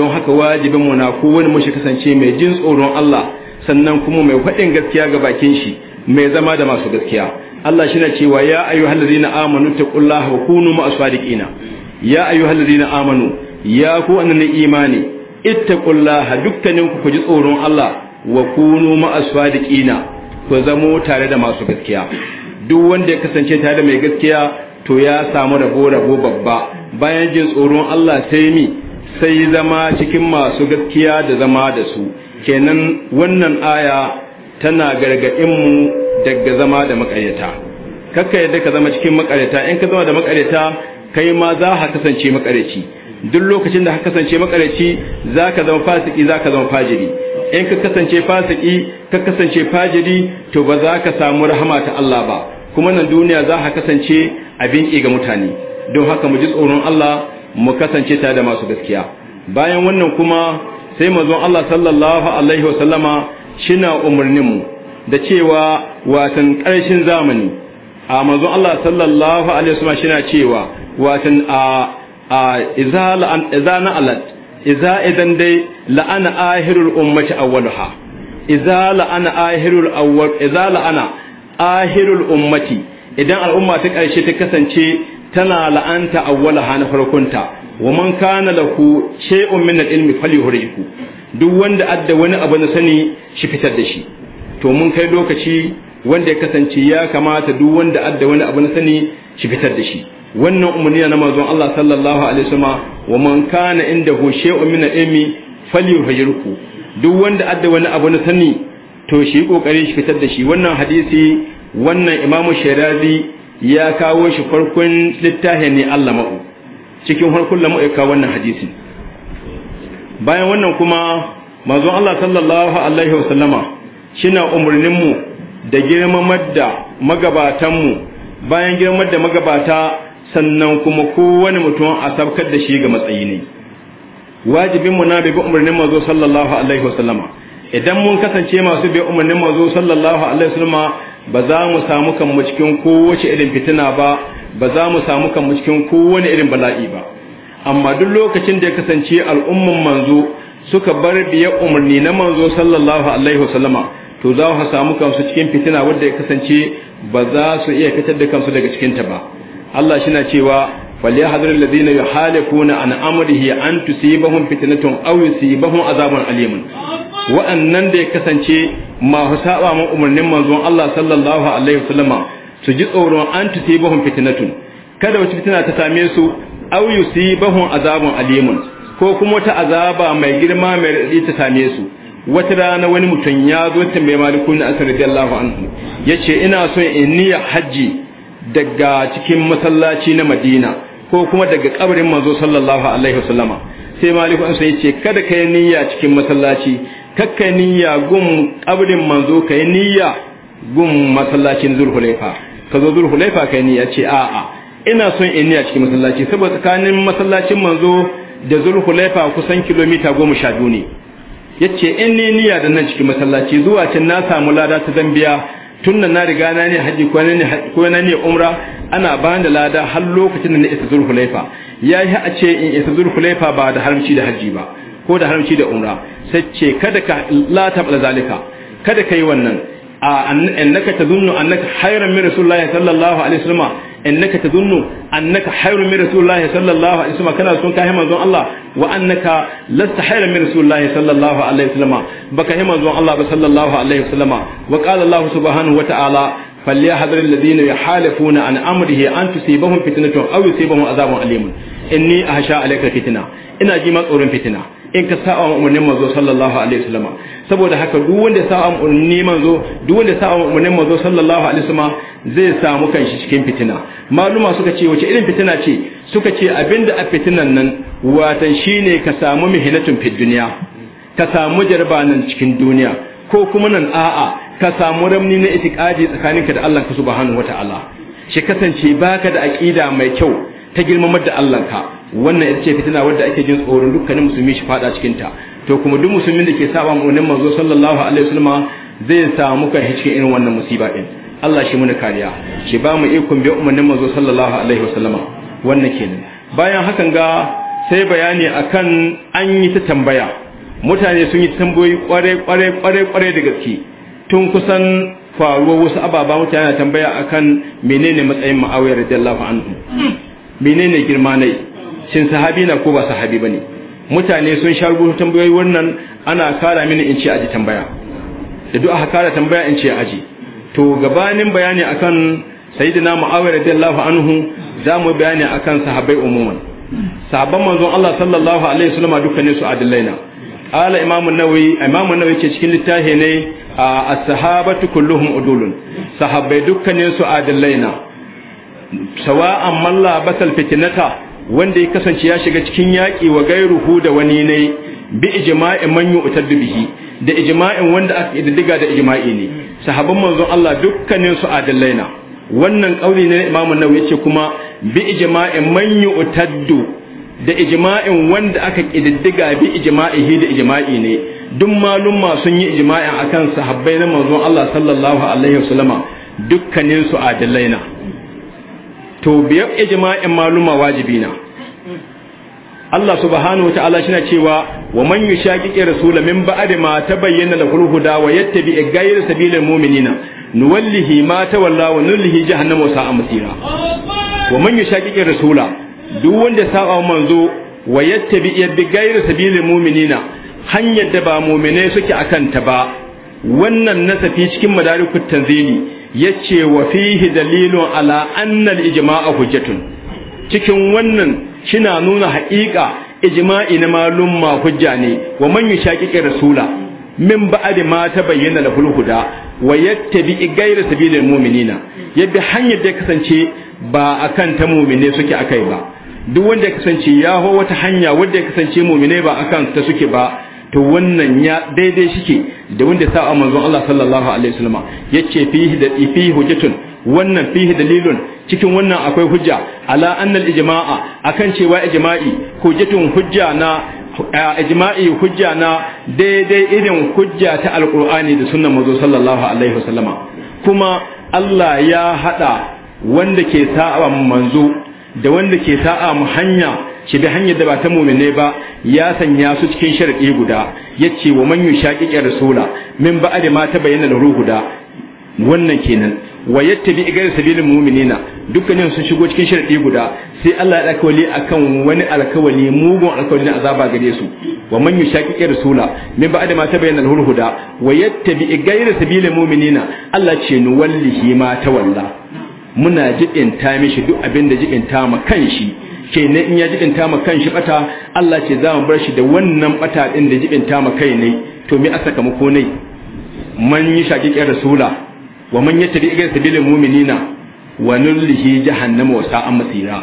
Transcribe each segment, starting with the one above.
don haka wajibin mu na kowane mu shi kasance mai jin tsoron Allah sannan kuma mai faɗin gaskiya ga bakin shi mai zama da masu gaskiya Allah shi na cewa ya ayyuhal ladina amanu taqullaha wa kunu ma sadiqina ya ayyuhal ladina amanu ya ku annabi imani ittaqullaha dukkanin ku ku ji tsoron Allah wa kunu ma sadiqina ku zamo tare da masu gaskiya duk wanda ya kasance tare da mai gaskiya to ya samu rabo rabo babba bayan jin tsoron Allah sai mi sai zama cikin masu gaskiya da zama da su kenan wannan aya tana gargaɗinmu daga zama da makaryata kakka yadda ka zama cikin makaryata in ka zama da makaryata kai ma za ka kasance makaryaci duk lokacin da ka kasance makaryaci za ka zama fasiki za ka zama fajiri in ka kasance fasiki ka kasance fajiri to ba za ka samu rahama ta Allah ba kuma nan duniya za ka kasance abin ga mutane don haka mu ji tsoron Allah mu kasance tare da masu gaskiya bayan wannan kuma sai mazon Allah sallallahu alaihi wa sallama shina umurnin mu da cewa watan ƙarshen zamani a mazon Allah sallallahu alaihi wa sallama shina cewa watan a a iza na alat iza idan dai la'ana ahirul ummati awwalha iza la'ana ahirul awwal iza la'ana ahirul ummati idan al'umma ta ƙarshe ta kasance tana la'anta awwalaha na farkonta wa man kana lahu shay'un min al-ilmi falyuhriku duk wanda adda wani abu na sani shi fitar da shi to mun kai lokaci wanda ya kasance ya kamata duk wanda adda wani abu na sani shi fitar da shi wannan umarni na manzon Allah sallallahu alaihi wasallam wa man kana inda indahu shay'un min al-ilmi falyuhriku duk wanda adda wani abu na sani to shi kokari shi fitar da shi wannan hadisi wannan imamu shirazi ya kawo shi farkon littafin ne Allah ma'u cikin farkon lamu ya kawo wannan hadisi bayan wannan kuma manzon Allah sallallahu alaihi wa sallama shina umurnin mu da girmamar da magabatan mu bayan girmamar da magabata sannan kuma kowane mutum a sabkar da shi ga matsayi ne wajibin mu na bi umurnin manzo sallallahu alaihi wa sallama idan mun kasance masu bi umarnin mazo sallallahu alaihi wa sallama ba za mu samu kanmu cikin kowace irin fitina ba ba za mu samu kanmu cikin kowane irin bala'i ba amma duk lokacin da ya kasance al'umman manzo suka bar biya umarni na manzo sallallahu alaihi wasallama to za ha samu kansu cikin fitina wadda ya kasance ba za su iya fitar da kansu daga cikinta ba Allah shi na cewa فليحذر الذين يحالفون عن امره ان تصيبهم فتنه او يصيبهم عذاب اليم wa'annan da ya kasance masu saba ma umarnin manzon Allah sallallahu alaihi wasallama su ji tsoron an tusibahum fitnatun kada wata fitina ta same su aw yusibahum azabun alimun ko kuma wata azaba mai girma mai radi ta same su wata rana wani mutum ya zo tambaye malikun na asar radiyallahu anhu yace ina son in niyya haji daga cikin masallaci na Madina ko kuma daga kabarin manzo sallallahu alaihi wasallama sai maliku an sai ce kada kai niyya cikin masallaci kakka niyya gum kabarin manzo kai niyya gum masallacin zulhulaifa ka zo zulhulaifa kai niyya ce a'a ina son in niyya cikin masallaci saboda tsakanin masallacin manzo da zulhulaifa kusan kilomita goma sha biyu ne yace in ni niyya da nan cikin masallaci zuwa can na samu lada ta zambiya tun na riga na ne haji ko na ne umra ana bani da lada har lokacin da na isa zurhu laifa ya yi a ce in isa zurhu laifa ba da haramci da hajji ba ko da haramci da umra sai ce kada ka la tabla zalika kada ka yi wannan annaka tadhunnu annaka khayran min rasulillahi sallallahu alaihi wasallam innaka tadhunnu annaka khayrun min rasulillahi sallallahu alaihi wasallam kana son ka kai manzon Allah wa annaka lasta khayran min rasulillahi sallallahu alaihi wasallam baka hi manzon Allah ba sallallahu alaihi wasallam wa qala Allah subhanahu wa ta'ala فليحذر الذين يحالفون عن امره ان تصيبهم فتنه او يصيبهم عذاب اليم اني a عليك alaika fitina ina ji ma tsoron fitina in ka sa'a wa umarnin manzo sallallahu alaihi wasallam saboda haka duk wanda sa'a umarnin manzo duk wanda sa'a wa umarnin manzo sallallahu alaihi wasallam zai samu kanshi cikin fitina maluma suka ce wace irin fitina ce suka ce abinda a fitinan nan watan shine ka samu mihinatun fid duniya ka samu jarbanan cikin duniya ko kuma nan a'a ka samu ramni na itikadi tsakaninka da Allah ka subhanahu wata'ala shi kasance baka da aqida mai kyau ta girmamar da Allah ka wannan ita ce fitina wadda ake jin tsoron dukkanin musulmi shi fada cikin ta to kuma duk musulmin da ke saba mu nan manzo sallallahu alaihi wasallam zai samu kai hiske irin wannan musiba din Allah shi muna kariya shi ba mu ikon bi umarnin manzo sallallahu alaihi wasallam wannan kenan bayan hakan ga sai bayani akan an yi ta tambaya mutane sun yi tambayoyi kware kware kware kware da gaske tun kusan faruwar wasu ababa mutane yana tambaya a kan menene matsayin ma'awiyar radiyallahu anhu menene girma nai shin sahabi na ko ba sahabi bane mutane sun sha rubutu tambayoyi wannan ana kara mini in ce aji tambaya da duk aka kara tambaya in ce aji to gabanin bayani akan sayyidina mu'awiyah radiyallahu anhu mu bayani akan sahabbai umuman sahabban manzon Allah sallallahu alaihi wasallam dukkan su adillai na ala امام النووي امام النووي كي cikin littafi ne a sahabatu kulluhum udulun sahabbai dukkanin su Sawa sawa'an la batal fitnata wanda ya kasance ya shiga cikin yaki wa gairuhu da wani ne bi ijma'i man yu'taddu bihi da ijma'in wanda aka diddiga da ijma'i ne sahabban manzon Allah dukkanin su adallaina wannan kauli ne imamun nawawi yace kuma bi ijma'i man yu'taddu da ijma'in wanda aka kididdiga bi ijma'ihi da ijma'i ne duk malumma sun yi ijma'in akan sahabbai na manzon Allah sallallahu alaihi wasallama dukkanin su adillai na to biyar ijma'in malumma wajibi na Allah subhanahu wa ta'ala shi cewa wa man yushaqiqi rasula min ba'di ma tabayyana lahul huda wa yattabi ghayra sabilil mu'minina nuwallihi ma tawalla wa nullihi jahannama sa'a masira wa man yushaqiqi rasula duk wanda saba manzo wa yattabi yadda gairu sabilil mu'minina hanyar da ba mu'minai suke akan ta ba wannan nasafi cikin madarikut tanzili yace wa fihi dalilun ala annal ijmaa hujjatun cikin wannan shina nuna haƙiƙa ijma'i na malum ma hujja ne wa man yushaqiqi rasula min ba'di ma tabayyana lahul huda wa yattabi ghayra sabilil mu'minina yabi hanyar da kasance ba akan ta muminai suke akai ba duk wanda ya kasance ya ho wata hanya wanda ya kasance mu'minai ba akan ta suke ba to wannan ya daidai shike da wanda ya sa manzon Allah sallallahu alaihi wasallam yace fihi da fihi hujjatun wannan fihi dalilun cikin wannan akwai hujja ala annal ijma'a akan cewa ijma'i hujjatun hujja na ijma'i hujja na daidai irin hujja ta alqur'ani da sunnan manzo sallallahu alaihi wasallam kuma Allah ya hada wanda ke sa'a manzo da wanda ke sa'a mu hanya shi da hanyar da ba ta mumine ba ya sanya su cikin sharadi guda yace wa man yushaqiqi rasula min ba'd ma da ruhu da. wannan kenan wa yatta bi igar sabilin mu'minina dukkanin sun shigo cikin sharadi guda sai Allah ya daka wali akan wani alkawali mugun alkawali na azaba gare su wa man yushaqiqi rasula min ba'da ma da ruhu da wa yatta bi igar sabilin mu'minina Allah ce nu wallahi ma tawalla muna jibinta mishi duk abin da jibinta ma kanshi kenan in ya jibinta ma kanshi bata Allah ce za mu bar shi da wannan bata ɗin da jibinta ma kai ne to me aka kama ko ne man yi shaqiqir rasula wa man yattabi ghayra sabilil mu'minina wa nullihi jahannama wa sa'a masira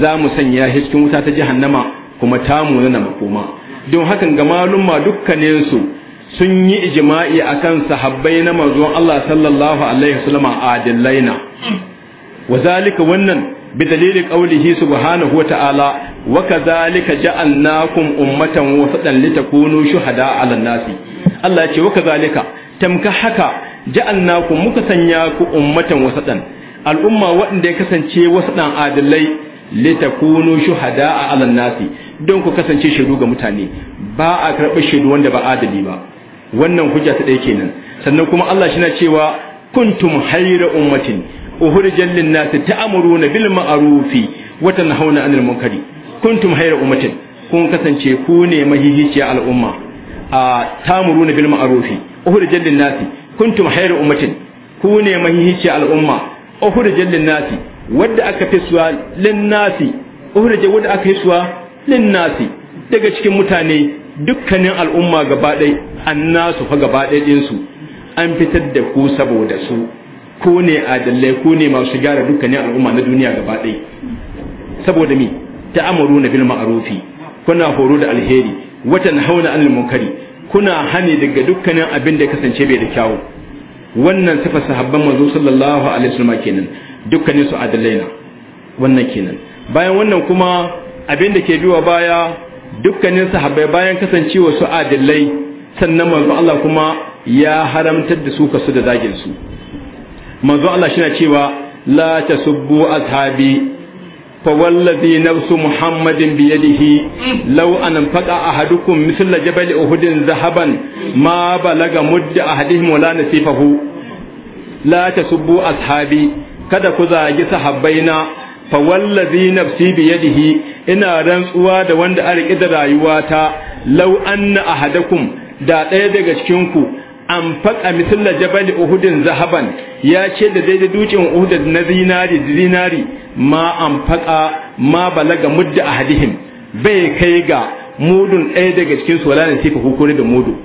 za mu sanya shi wuta ta jahannama kuma tamu na makoma don hakan ga malumma dukkaninsu sun yi ijma'i akan sahabbai na manzon Allah sallallahu alaihi wasallam adillaina wa zalika wannan bi dalilin qawlihi subhanahu wa ta'ala wa kadhalika ja'alnakum ummatan wasatan litakunu shuhada a nasi Allah ya ce wa kadhalika tamka haka ja'alnakum muka sanya ku ummatan wasatan al'umma waɗanda ya kasance wasatan adillai litakunu shuhada a nasi don ku kasance shaidu ga mutane ba a karɓi shaidu wanda ba adali ba wannan hujja ta ɗaya kenan sannan kuma Allah shi na cewa kuntum hayra ummatin ukhrijal lin nas ta'muruna bil ma'rufi wa tanhauna 'anil munkari kuntum hayra ummatin kun kasance ku ne mahihiciya al'umma a ta'muruna bil ma'rufi ukhrijal lin nas kuntum hayra ummatin ku ne mahihiciya al'umma ukhrijal lin nas wadda aka fiswa lin nas ukhrijal wadda aka fiswa suwa lin nas daga cikin mutane dukkanin al'umma gabaɗai an nasu fa gabaɗai ɗinsu an fitar da ku saboda su ko ne adalai ko ne masu gyara dukkanin al'umma na duniya gabaɗai saboda mi amuru na bil ma'arufi kuna horo da alheri watan hauna an munkari kuna hane daga dukkanin abin da kasance bai da kyawu wannan sifa sahabban manzo sallallahu alaihi wasallam kenan dukkanin su adalai na wannan kenan bayan wannan kuma abin da ke biwa baya dukkanin sahabbai bayan kasancewa su adillai sannan manzo Allah kuma ya haramtar da su kasu da zagin su manzo Allah shi cewa la tasubbu ashabi fa wallazi nafsu muhammadin bi yadihi law an faqa ahadukum mithla jabal uhudin zahaban ma balaga mudda ahadihim wala nasifahu la tasubbu ashabi kada ku zagi sahabbaina fa wallazi nafsi bi yadihi ina rantsuwa da wanda a riƙe da rayuwata law anna ahadakum da ɗaya daga cikin ku an faƙa misalla jabal uhudin zahaban ya ce da daidai dukin uhud na zinari zinari ma an faƙa ma balaga mudda ahadihim bai kai ga mudun ɗaya daga cikin su wala ne hukuri da mudu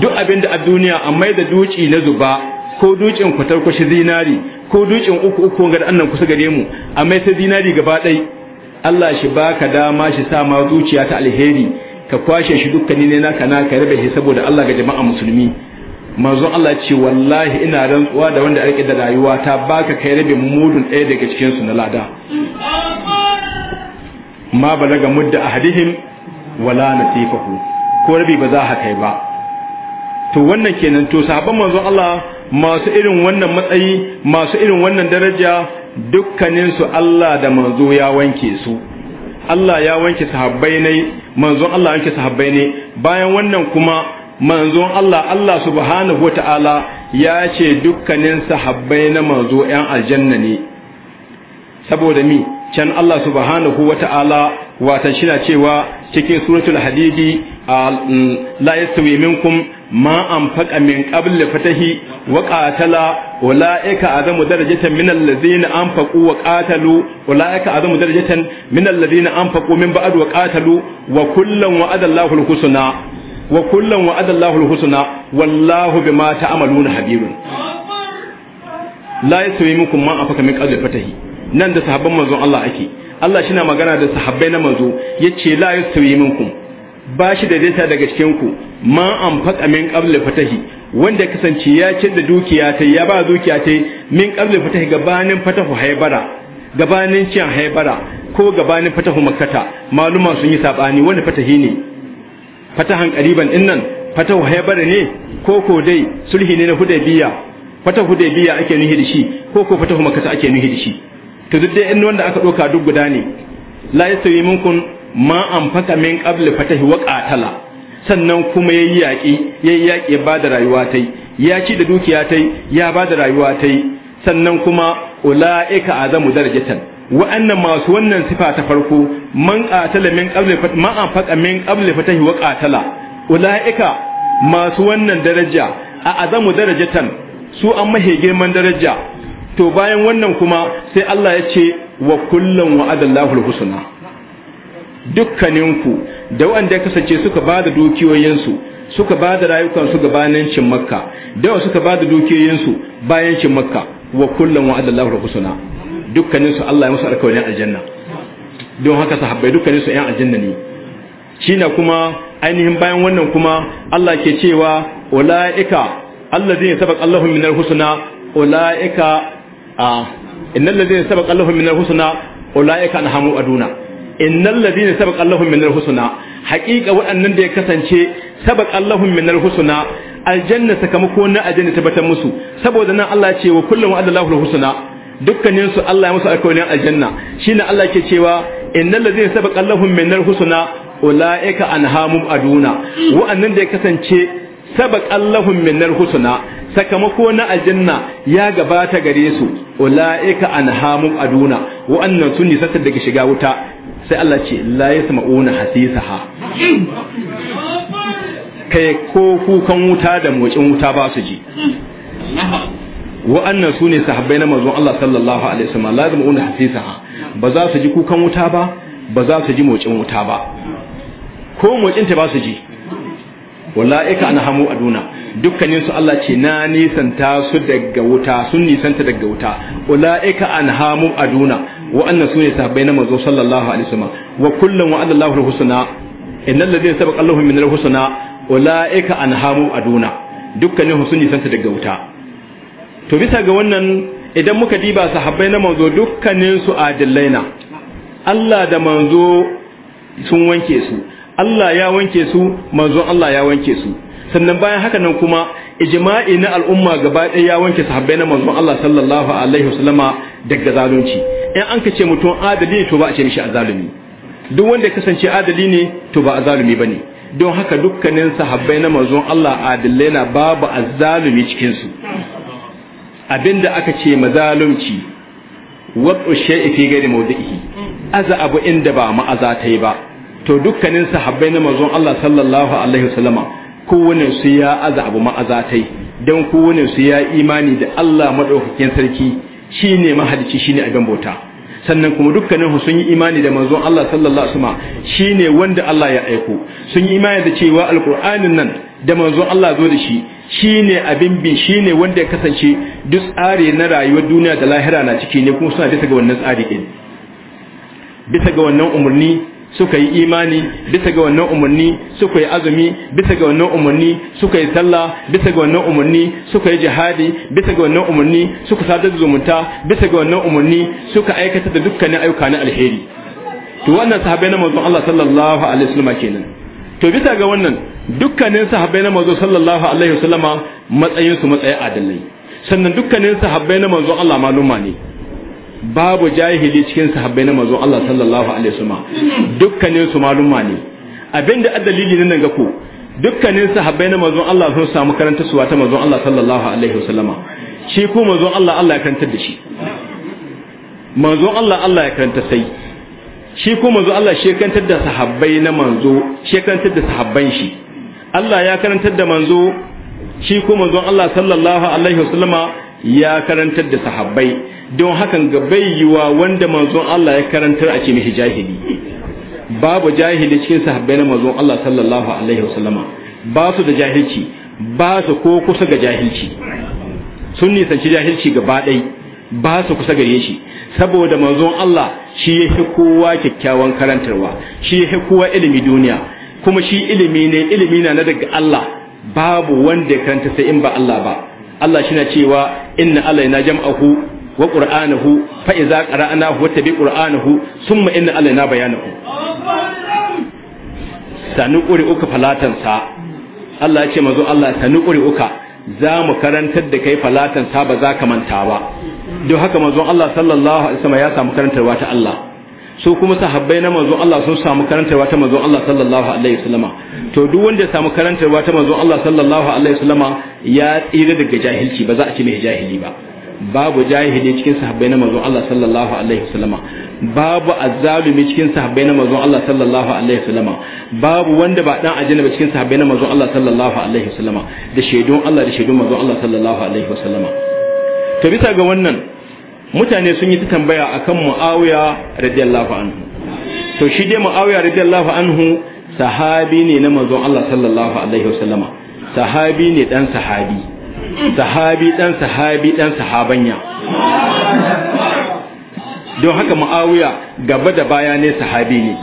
duk abin da a duniya a mai da duci na zuba ko dukin kwatar kwashi zinari ko dukin uku uku ga annan kusa gare mu a mai sai zinari gaba ɗaya Allah shi baka dama shi sa ma zuciya ta alheri ka kwashe shi dukkanin ne naka na ka rabe shi saboda Allah ga jama'a musulmi manzo Allah ce wallahi ina rantsuwa da wanda ake da rayuwa ta baka kai rabe mudun ɗaya daga cikin su na lada ma ba daga mudda ahadihim wala nasifahu ko rabi ba za haka kai ba to wannan kenan to sahabban manzon Allah masu irin wannan matsayi masu irin wannan daraja dukkaninsu Allah da manzo ya wanke su Allah ya wanke sahabbai ne manzon Allah ya wanke sahabbai ne bayan wannan kuma manzon Allah Allah subhanahu wata'ala ya ce dukkanin sahabbai na manzo ‘yan aljanna ne saboda mi can Allah subhanahu wata'ala wata shi na cewa cikin suratul hadidi mm, la yastawi minkum ma anfaqa min qabl fatahi wa qatala ulaika azamu darajatan min allazina anfaqu wa qatalu ulaika azamu darajatan min allazina anfaqu min ba'd wa qatalu wa kullan wa'ada Allahu al-husna wa kullan wa'ada Allahu al-husna wallahu bima ta'maluna habirun la ma afaka min qadri fatahi nan da sahabban manzon Allah ake Allah shi na magana da sahabbai na manzo yace la yasawi muku. ba shi da dinta daga cikin ku an faɗa min qabl fatahi wanda kasance ya ce da dukiya ta ya ba dukiya ta min qabl fatahi gabanin fatahu haibara gabanin cin haibara ko gabanin fatahu makkata maluma sun yi sabani wani fatahi ne fatahan qariban innan fatahu haibara ne ko ko dai sulhi ne na hudaybiya fatahu hudaybiya ake nuhi da shi ko ko fatahu makkata ake nuhi da shi to duk dai inda wanda aka doka duk guda ne la yasawi minkum ma an fata min qabli fatahi wa qatala sannan kuma yayi yaki yayi yaki ya da rayuwa tai ya ci da dukiya tai ya ba da rayuwa tai sannan kuma ulaika azamu darajatan wa'annan masu wannan sifa ta farko man qatala min qabli ma an fata min qabli fatahi wa qatala ulaika masu wannan daraja a azamu darajatan su an mahe girman daraja to bayan wannan kuma sai Allah ya ce wa kullum wa'adallahu al-husna dukkaninku da wanda ya kasance suka ba da dukiyoyinsu suka ba da rayukansu gabanin cin makka da suka ba da dukiyoyinsu bayan cin makka wa kullum wa adallahu rahusuna dukkaninsu Allah ya musu alkawarin aljanna don haka sahabbai dukkaninsu yan aljanna ne shine kuma ainihin bayan wannan kuma Allah ke cewa ulaika allazina sabaq Allahum minal husna ulaika innal ladzina sabaq Allahum minal husna ulaika alhamu aduna innal ladina sabaqa lahum minal husna haqiqa waɗannan da ya kasance sabaqa lahum minal husna aljanna sakamako na aljanna tabbatar musu saboda nan Allah ya ce wa kullum adallahu husna dukkanin su Allah ya musu alƙawarin aljanna shine Allah ke cewa innal ladina sabaqa lahum minal husna ulaika anhamum aduna waɗannan da ya kasance sabaqa lahum minal husna sakamako na aljanna ya gabata gare su ulaika anhamum aduna wa'annan sun nisanta daga shiga wuta sai Allah ce la yasma'una hasisaha kai ko kukan wuta da mocin wuta ba su ji wa'annan su ne sahabbai na manzon Allah sallallahu alaihi wasallam la yasma'una hasisaha ba za su ji kukan wuta ba ba za su ji mocin wuta ba ko mocin ta ba su ji walla'ika an hamu aduna dukkanin su Allah ce na nisanta su daga wuta sun nisanta daga wuta walla'ika an hamu aduna wa'annan sune sahabbai na manzo sallallahu alaihi wasallam wa kullum wa'ada Allahu al-husna innal ladina sabaqa Allahu min al-husna ulaika anhamu aduna dukkanin sun santa daga wuta to bisa ga wannan idan muka diba sahabbai na manzo dukkanin su adillai Allah da manzo sun wanke su Allah ya wanke su Manzo Allah ya wanke su sannan bayan haka nan kuma ijma'i na al'umma gaba ɗaya ya wanke sahabbai na manzon Allah sallallahu alaihi wasallama daga zalunci in an ka ce mutum adali ne to ba a ce mishi azalumi duk wanda ya kasance adali ne to ba azalumi bane don haka dukkanin sahabbai na manzon Allah adalai na babu azalumi cikin su abinda aka ce mazalumci wad'u shay'i fi ghairi mawdi'ihi aza abu inda ba ma'aza ta yi ba to dukkanin sahabbai na manzon Allah sallallahu alaihi wasallama kowane su ya aza abu ma'azatai don kowane su ya imani da Allah maɗaukakin sarki shine mahalicci shine abin bauta sannan kuma dukkanin sun yi imani da manzon Allah sallallahu alaihi wasallam shine wanda Allah ya aiko sun yi imani da cewa alqur'anin nan da manzon Allah zo da shi shine abin bin shine wanda ya kasance duk tsari na rayuwar duniya da lahira na ciki ne kuma suna bisa ga wannan tsari din bisa ga wannan umarni suka yi imani bisa ga wannan umarni suka yi azumi bisa ga wannan umarni suka yi sallah bisa ga wannan umarni suka yi jihadi bisa ga wannan umarni suka sadar da zumunta bisa ga wannan umarni suka aikata da dukkanin ayyuka na alheri to wannan sahabbai na manzon Allah sallallahu alaihi wasallam kenan to bisa ga wannan dukkanin sahabbai na manzon sallallahu alaihi wasallama matsayin su matsayin adalai sannan dukkanin sahabbai na manzon Allah maluma ne babu jahili cikin sahabbai na manzon Allah sallallahu alaihi wasallam dukkanin su malumma ne abinda a ne nan ga ku dukkanin sahabbai na manzon Allah sun samu karanta suwa ta manzon Allah sallallahu alaihi wasallama shi ko manzon Allah Allah ya karanta da shi manzon Allah Allah ya karanta sai shi ko manzon Allah shi karanta da sahabbai na manzo shi karanta da sahabban shi Allah ya karantar da manzo shi ko manzon Allah sallallahu alaihi wasallama ya karantar da sahabbai don hakan ga bayyuwa wanda manzon Allah ya karantar a ce mishi jahili babu jahili cikin sahabbai na manzon Allah sallallahu alaihi wasallama ba su da jahilci ba su ko kusa ga jahilci sun nisanci jahilci gaba ɗai ba su kusa gare shi saboda manzon Allah shi ya fi kowa kyakkyawan karantarwa shi ya fi kowa ilimi duniya kuma shi ilimi ne ilimi na daga Allah babu wanda ya karanta sai in ba Allah ba Allah shi na cewa inna alaina jam'ahu wa qur'anahu fa idza qara'nahu wattabi qur'anahu thumma inna alaina bayanahu sanu quri uka falatansa. Allah ya ce mazo Allah sanu quri uka za mu karantar da kai falatansa ba za ka manta ba don haka manzon Allah sallallahu alaihi wasallam ya samu karantarwa ta Allah su kuma sahabbai na manzon Allah sun samu karantarwa ta manzon Allah sallallahu alaihi wasallama to duk wanda ya samu karantarwa ta manzon Allah sallallahu alaihi wasallama ya tsira daga jahilci ba za a ce mai jahili ba babu jahili cikin sahabbai na manzon Allah sallallahu alaihi wasallama babu azzalumi cikin sahabbai na manzon Allah sallallahu alaihi wasallama babu wanda ba dan ajina ba cikin sahabbai na manzon Allah sallallahu alaihi wasallama da shaidun Allah da shaidun manzon Allah sallallahu alaihi wasallama to bisa ga wannan mutane sun yi ta tambaya a kan muawiya radiyallahu anhu to shi dai muawiya radiyallahu anhu sahabi ne na mazon Allah sallallahu alaihi wasallama sahabi ne dan sahabi sahabi dan sahabi dan sahabanya don haka muawiya gaba da baya ne sahabi ne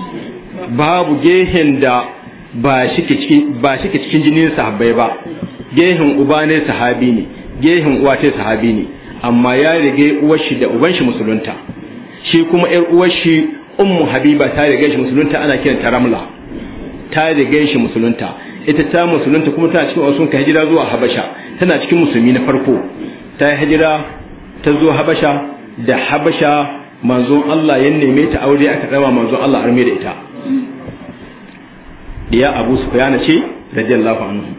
babu gehen da ba shi ke cikin jinin sahabai ba gehen uba ne sahabi ne gehen uwa ce sahabi ne amma ya rige uwar shi da uban shi musulunta shi kuma yar uwar shi ummu habiba ta rige shi musulunta ana kiran ta ramla ta rige shi musulunta ita ta musulunta kuma tana cikin wasu ka hijira zuwa habasha tana cikin musulmi na farko ta yi hijira ta zo habasha da habasha manzon Allah ya neme ta aure aka dawa manzon Allah arme da ita ya Abu Sufyan ce radiyallahu anhu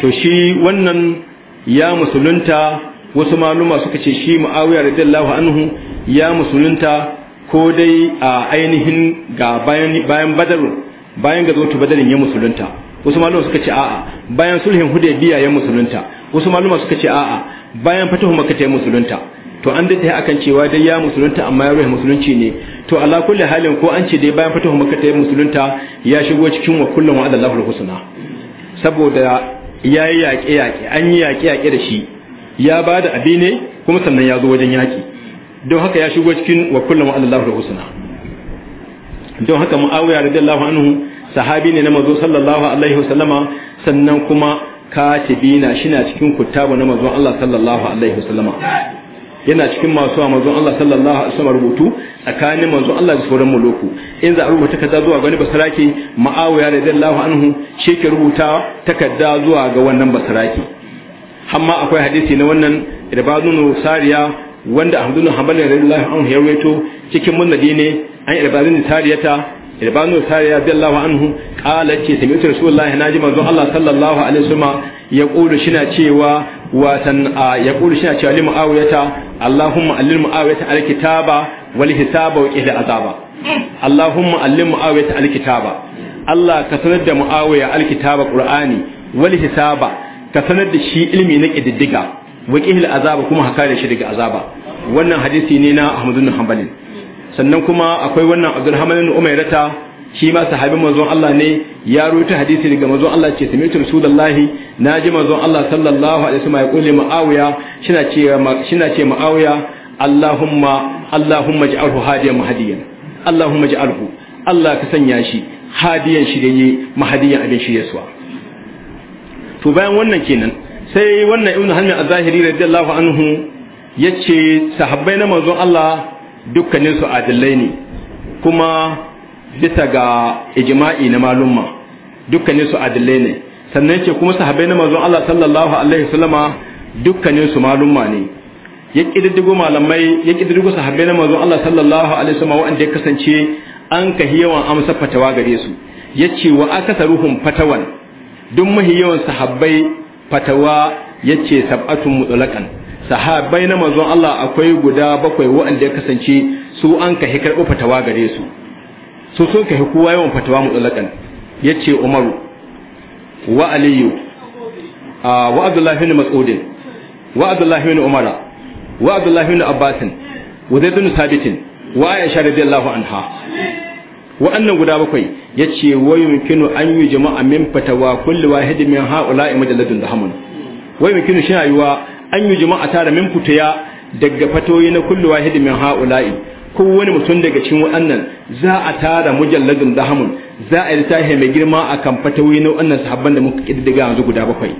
to shi wannan ya musulunta wasu maluma suka ce shi muawiya radiyallahu anhu ya musulunta ko dai a ainihin ga bayan bayan badarun bayan gazotu badarin ya musulunta wasu maluma suka ce a'a bayan sulhin hudaybiya ya musulunta wasu maluma suka ce a'a bayan fatahu makka ya musulunta to an dade akan cewa dai ya musulunta amma ya ruhi musulunci ne to ala kulli halin ko an ce dai bayan fatahu makka ya musulunta ya shigo cikin wa kullum wa adallahu husna saboda yayi yaƙe yaƙe an yi yaƙe yaƙe da shi ya ba da abi ne kuma sannan ya zo wajen yaki don haka ya shigo cikin wa kullum Allah da husna don haka Muawiya radiyallahu anhu sahabi ne na manzo sallallahu alaihi wasallama sannan kuma katibina shina cikin kutaba na manzon Allah sallallahu alaihi wasallama yana cikin masu a manzon Allah sallallahu alaihi wasallam rubutu tsakanin manzon Allah da sauran muluku in za a rubuta ka zuwa ga wani basaraki mu'awiya radiyallahu anhu shi ke rubuta takarda zuwa ga wannan basaraki Amma akwai hadisi na wannan irbadun sariya wanda ahmadun radiyallahu anhu ya rawaito cikin munnadi ne an irbadun sariyata irbadun sariya radiyallahu anhu qala ce sami'tu rasulullahi naji manzo Allah sallallahu alaihi wasallam ya kulu shina cewa watan ya kulu shina cewa limu awiyata allahumma allil muawiyata alkitaba wal hisaba wa qila azaba allahumma allil muawiyata alkitaba Allah ka sanar da muawiya alkitaba qur'ani wal hisaba ka sanar da shi ilimi na ƙididdiga wa azaba kuma haka da shi daga azaba wannan hadisi ne na ahmadu bin Hanbal sannan kuma akwai wannan Abdurrahman bin Umayrata shi ma sahabin manzon Allah ne ya rubuta hadisi daga manzon Allah ce sami'tu rasulullahi naji manzon Allah sallallahu alaihi wasallam ya kulle Muawiya shina ce shina ce Muawiya Allahumma Allahumma ij'alhu hadiyan mahdiyan Allahumma ij'alhu Allah ka sanya shi hadiyan yi mahdiyan abin yaswa to bayan wannan kenan sai wannan ibnu hazm az-zahiri radiyallahu anhu yace sahabbai na manzon Allah dukkanin su adillai ne kuma bisa ga ijma'i na malumma dukkanin su adillai ne sannan yace kuma sahabbai na manzon Allah sallallahu alaihi wasallama dukkanin su malumma ne ya kididdigo malamai ya kididdigo sahabbai na manzon Allah sallallahu alaihi wasallama wanda ya kasance an kahi yawan amsa fatawa gare su yace wa akasaruhum fatawan duk mahi yawan sahabbai fatawa yace sab'atun mutlaqan sahabbai na manzon Allah akwai guda bakwai waɗanda ya kasance su an ka hi karɓi fatawa gare su su sun ka hi kowa yawan fatawa mutlaqan yace Umaru wa Aliyu wa Abdullahi bin Mas'ud wa Abdullahi bin Umara wa Abdullahi bin Abbas wa Zaid bin Thabit wa Aisha radiyallahu anha wa'annan guda bakwai yace wa yumkinu an yi jama'a min fatawa kullu wahid min ha'ula majalladun dahamun wa yumkinu shi ayuwa an yi jama'a tare min futaya daga fatoyi na kullu wahid min ha'ula ko wani mutum daga cikin wa'annan za a tara mujalladun dahamun za a yi tahe mai girma akan fatawi na wa'annan sahabban da muka kiddiga yanzu guda bakwai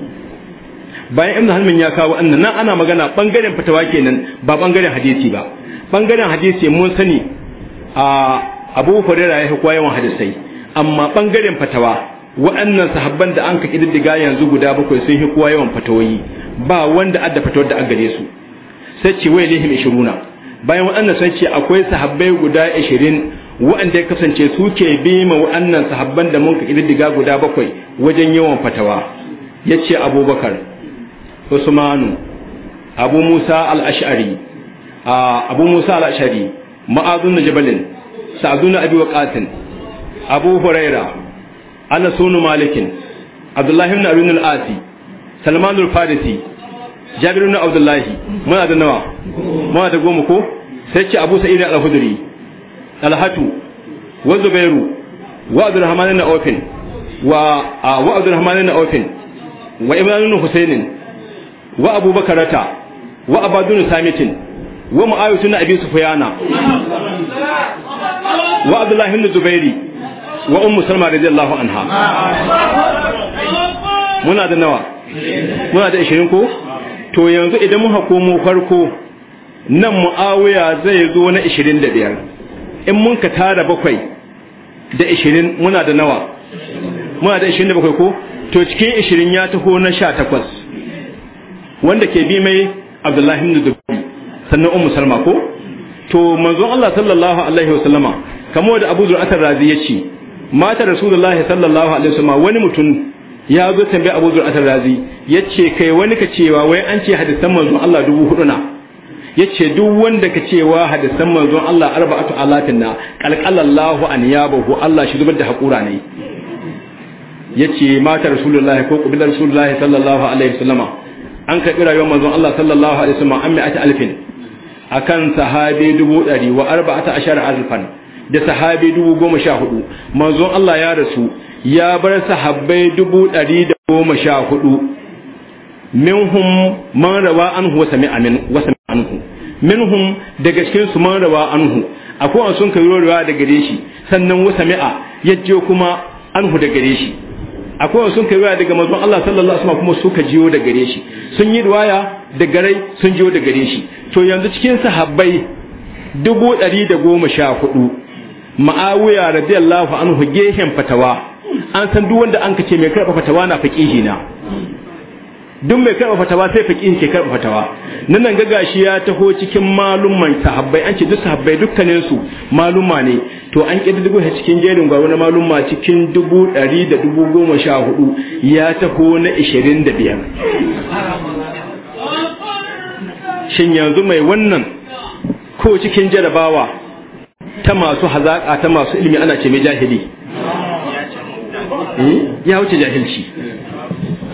bayan ibnu halmin ya kawo annan nan ana magana bangaren fatawa kenan ba bangaren hadisi ba bangaren hadisi mun sani a abu hurairah ya hukwa yawan hadisai amma bangaren fatawa waɗannan sahabban da an ka kididdiga yanzu guda bakwai sun yi yawan fatawoyi ba wanda adda fatawar da gare su sai ce wai lihim 20 bayan waɗannan sun ce akwai sahabbai guda 20 waɗanda ya kasance su ke bi ma waɗannan sahabban da mun ka kididdiga guda bakwai wajen yawan fatawa yace abubakar usmanu abu musa al-ash'ari abu musa al-ash'ari ma'azun jabalin sa'dun abi waqas abu huraira anas ibn malik abdullah ibn abi al-as salman al-farisi jabir ibn abdullah muna da nawa muna da goma ko sai ce abu sa'id al-khudri al-hatu wa zubairu wa abdurrahman ibn auf wa wa abdurrahman ibn auf wa imran ibn husayn wa wa wa abdullahi ibn zubairi wa ummu salma radiyallahu anha muna da nawa muna da 20 ko to yanzu idan muka komo farko nan muawiya zai zo na 25 in mun ka tara bakwai da 20 muna da nawa muna da 27 ko to cikin 20 ya taho na 18 wanda ke bi mai abdullahi ibn zubairi sannan ummu salma ko to manzon Allah sallallahu alaihi wasallama kamo da Abu Zur'atar Razi yace mata Rasulullahi sallallahu alaihi wasallam wani mutum ya zo tambayi Abu Zur'atar Razi ce kai wani ka cewa wai an ce hadisan manzon Allah dubu hudu na ce duk wanda ka cewa hadisan manzon Allah arba'atu alatin na kalkalallahu an yabahu Allah shi zubar da hakura ne yace mata Rasulullahi ko kubilar Rasulullahi sallallahu alaihi wasallam an karbi rayuwar manzon Allah sallallahu alaihi wasallam an mi'ati alfin akan sahabe dubu ɗari wa arba'ata ashara alfan da sahabi dubu goma sha hudu manzon Allah ya rasu ya bar sahabbai dubu ɗari da goma sha hudu minhum man rawa anhu wa sami amin wa sami anhu minhum daga cikin su man rawa anhu akwai an sun kai rawa da gare shi sannan wa sami'a yaje kuma anhu da gare shi akwai an sun kai rawa daga manzon Allah sallallahu alaihi wasallam kuma suka jiyo da gare shi sun yi riwaya da garai sun jiyo da gare shi to yanzu cikin sahabbai dubu ɗari da goma sha hudu ma'awiya radiyallahu anhu gehen fatawa an san duk wanda an kace mai karba fatawa na fakihi na duk mai karba fatawa sai fakihi ke karba fatawa nan nan ga gashi ya taho cikin malumman sahabbai an ce duk sahabbai dukkanin su maluma ne to an dubu shi cikin jerin gwaro wani maluma cikin dubu ɗari da dubu goma sha hudu ya taho na ishirin da biyar shin yanzu mai wannan ko cikin jarabawa ta masu hazaƙa ta masu ilimi ana ce mai jahili hmm? ya wuce jahilci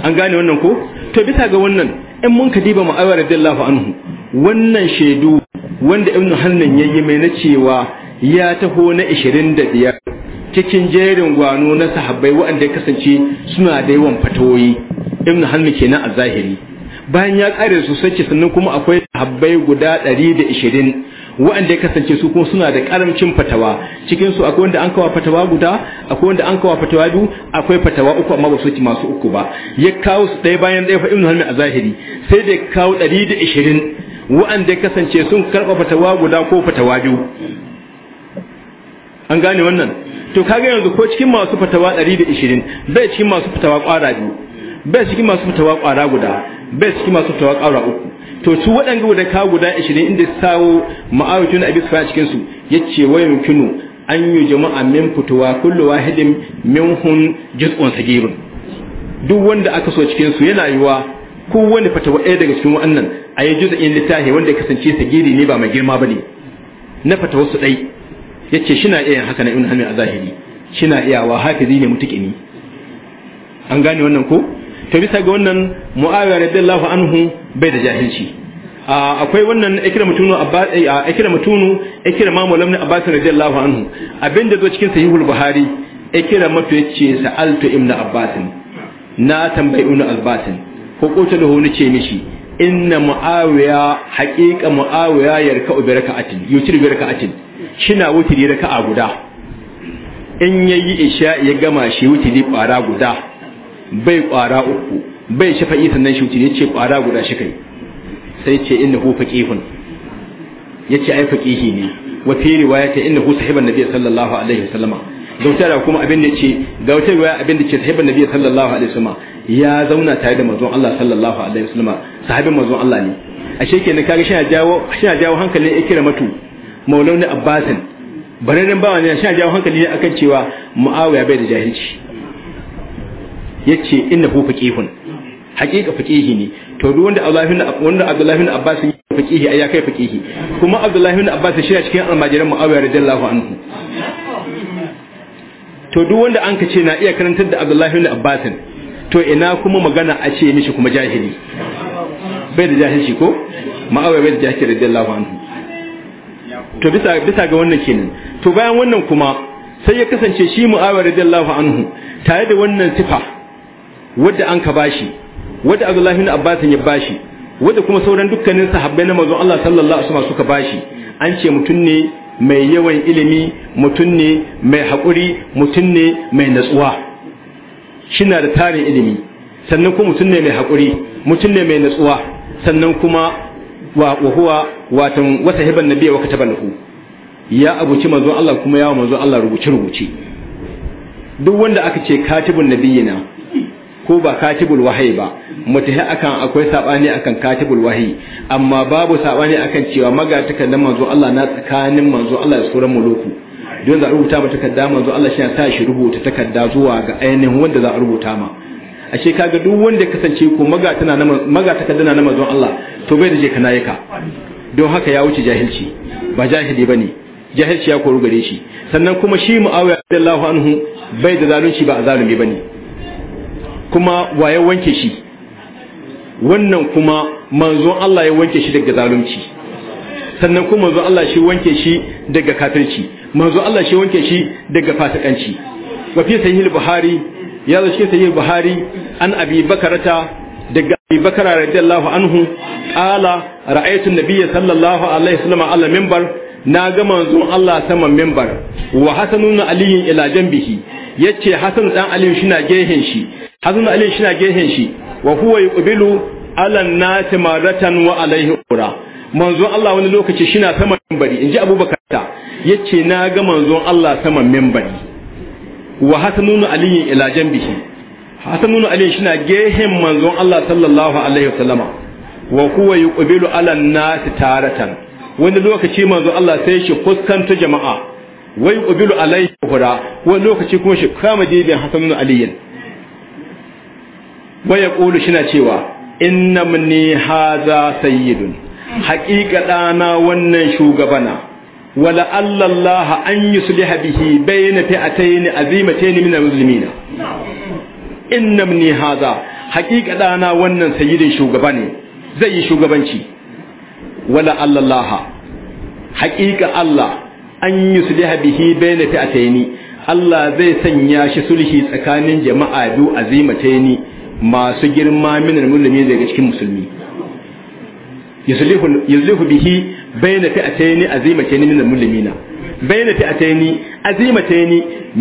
an gane wannan ko to bisa ga wannan in mun ka diba ma'awar radiyallahu anhu wannan shaidu wanda ibnu hannan yayi mai na cewa ya taho na 25 cikin jerin gwano na sahabbai waɗanda ya kasance suna da yawan fatoyi. ibnu hannan kenan a zahiri bayan ya kare su sace sannan kuma akwai sahabbai guda 120 wa'anda ya kasance su kuma suna da karamcin fatawa cikin su akwai wanda an kawo fatawa guda akwai wanda an kawo fatawa biyu akwai fatawa uku amma ba su ci masu uku ba ya kawo su ɗaya bayan ɗaya fa ibnu halmi a zahiri sai da kawo ɗari da ishirin wa'anda ya kasance sun karɓa fatawa guda ko fatawa biyu an gane wannan to kaga yanzu ko cikin masu fatawa 120 bai cikin masu fatawa kwara biyu bai cikin masu fatawa kwara guda bai cikin masu fatawa kwara uku to su waɗanda wadaka guda 20 inda su sawo ma'aikacin abin a cikin su yace wayan kinu an yi jama'a min fitowa kullu wahidin minhum juz'un sagirun duk wanda aka so cikin su yana yiwa ko wani fatawa ɗaya daga cikin wannan a yi juz'in littafi wanda ya kasance sagiri ne ba mai girma bane na fatawa su ɗai yace shi na iya haka na ibn hamil a zahiri shi na iya wa hafizi ne ni? an gane wannan ko to bisa ga wannan muawiya radiyallahu anhu bai da jahilci akwai wannan Ikira Mutunu, ikrama Ikira eh, ikrama maulam abbas radiyallahu anhu abinda zo cikin sahihul buhari Ikira to yace sa'altu ibnu abbas na tambayi ibnu abbas ko kota da honi ce mishi inna muawiya haqiqa muawiya yarka bi raka'atin yutir bi raka'atin shina wutiri raka'a guda in yayi isha ya gama shi wutiri bara guda bai kwara uku bai shafa'i sannan shi ya ce kwara guda shi kai sai ce inna hu faqihun ya ce ai faqihi ne wa fi ta inna hu sahiban nabiy sallallahu alaihi wasallama da kuma abin da ce gautar riwaya abin da ce sahiban nabiy sallallahu alaihi wasallama ya zauna tare da manzon Allah sallallahu alaihi wasallama sahabin manzon Allah ne ashe kenan kaga shi jawo shi jawo hankalin ikramatu maulana abbasin nan bawa ne shi jawo hankali ne akan cewa muawiya bai da jahilci yace hu faqihun haƙiƙa faƙihi ne to duk wanda Abdullahi bin wanda Abdullahi bin Abbas ya faƙihi ai ya kai faƙihi kuma Abdullahi bin Abbas shi ya cikin almajiran Muawiya radiyallahu anhu to duk wanda an kace na iya karantar da Abdullahi bin Abbas to ina kuma magana a ce mishi kuma jahili bai da jahilci ko Muawiya bai da jahilci radiyallahu anhu to bisa bisa ga wannan kenan to bayan wannan kuma sai ya kasance shi Muawiya radiyallahu anhu tare da wannan sifa wadda an ka bashi wadda Abdullahi bin Abbas ya bashi wadda kuma sauran dukkanin sahabbai na manzon Allah sallallahu alaihi wasallam suka bashi an ce mutum ne mai yawan ilimi mutum ne mai haƙuri mutum ne mai natsuwa shina da tarin ilimi sannan kuma mutum ne mai haƙuri mutum ne mai natsuwa sannan kuma wa huwa watan wasa hiban nabiya wa katabalahu ya abuci manzon Allah kuma ya manzon Allah rubuce rubuce duk wanda aka ce katibun nabiyina ko ba katibul wahayi ba mutahi akan akwai sabani akan katibul wahayi amma babu sabani akan cewa magatakan nan manzo Allah na tsakanin manzo Allah da sauran muluku don za a rubuta ba takarda manzo Allah shi ya shi rubuta takarda zuwa ga ainihin wanda za a rubuta ma ashe kaga duk wanda kasance ko magatana na magatakarda na manzo Allah to bai da je kana yaka don haka ya wuce jahilci ba jahili bane jahilci ya koru gare shi sannan kuma shi mu'awiya radiyallahu anhu bai da zalunci ba a zalumi bane kuma waye wanke shi wannan kuma manzon Allah ya wanke shi daga zalunci sannan kuma manzon Allah shi wanke shi daga kafirci manzon Allah shi wanke shi daga fasikanci wa fi sahih al-Bukhari ya zo cikin sahih buhari an abi bakarata daga abi bakara radiyallahu anhu qala ra'aytu nabiyya sallallahu alaihi wasallam ala minbar na ga manzon Allah saman minbar wa hasanun aliyin ila jambihi yace hasan dan ali shi na gehen shi hazun ali shina na gehen shi wa huwa yuqbilu ala nati maratan wa alaihi ura manzo Allah wani lokaci shi na saman minbari inji abubakar ta yace na ga manzo Allah saman minbari wa hasanun ali ila janbihi hasanun ali shina gehen manzo Allah sallallahu alaihi wasallama wa huwa yuqbilu ala nati taratan wani lokaci manzo Allah sai shi fuskanta jama'a wa yuqbilu alaihi ura wani lokaci kuma shi kama jibin hasanun aliyin wa yaqulu shina cewa inna minni hadha sayyidun haqiqa dana wannan shugabana wala allallaha an yusliha bihi bayna fi'atayn azimatayn min almuslimina inna minni hadha haqiqa dana wannan sayyidin shugaba ne zai yi shugabanci wala allallaha haqiqa allah an yusliha bihi bayna fi'atayn Allah zai sanya shi sulhi tsakanin jama'a biyu azimataini masu girma minar mulmi daga cikin musulmi yuzlihu bihi bayna fi'atayn azimatayn minal mulmina bayna fi'atayn azimatayn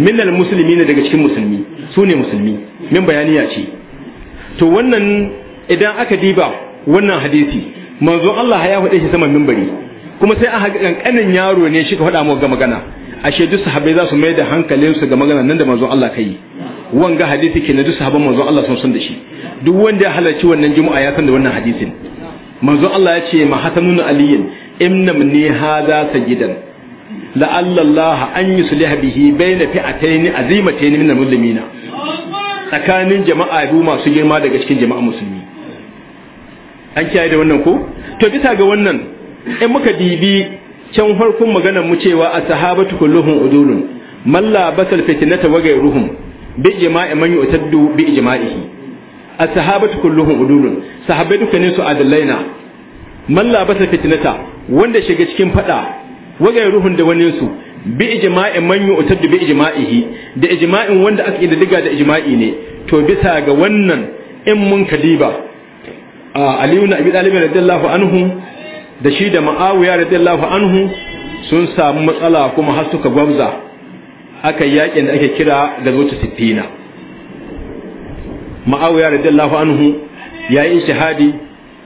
minal muslimina daga cikin musulmi sune musulmi min bayaniya ce to wannan idan aka diba wannan hadisi manzon Allah ya faɗe shi saman minbari kuma sai aka kankanin yaro ne shi ka faɗa mu ga magana ashe duk sahabbai za su mai da hankalinsu ga magana nan da manzon Allah kai wanga hadisi ke na duk sahabban manzon Allah sun san da shi duk wanda ya halarci wannan juma'a ya san da wannan hadisin manzon Allah ya ce ma hasanun aliyin innam ni hadha sajidan la'alla Allah an yusliha bihi bayna fi'atayn azimatayn min al-muslimina tsakanin jama'a biyu masu girma daga cikin jama'a musulmi an kiyaye da wannan ko to bisa ga wannan in muka dibi can farkon maganar mu cewa as-sahabatu kulluhum udulun man labasa al-fitnata wa ghayruhum bi ijma'i man yu'taddu bi ijma'ihi as-sahabatu kulluhum udulun sahabbai dukkanin su adallaina man labasa fitnata wanda shiga cikin fada wagai ruhun da wani su bi ijma'in man yu'taddu bi ijma'ihi da ijma'in wanda aka da da ijma'i ne to bisa ga wannan in mun kadiba aliyu na abi talib radiyallahu anhu da shi da ma'awiya radiyallahu anhu sun samu matsala kuma har suka gwamza aka yi yakin da ake kira da zuwa sifina ma'awiya radiyallahu anhu ya yi shahadi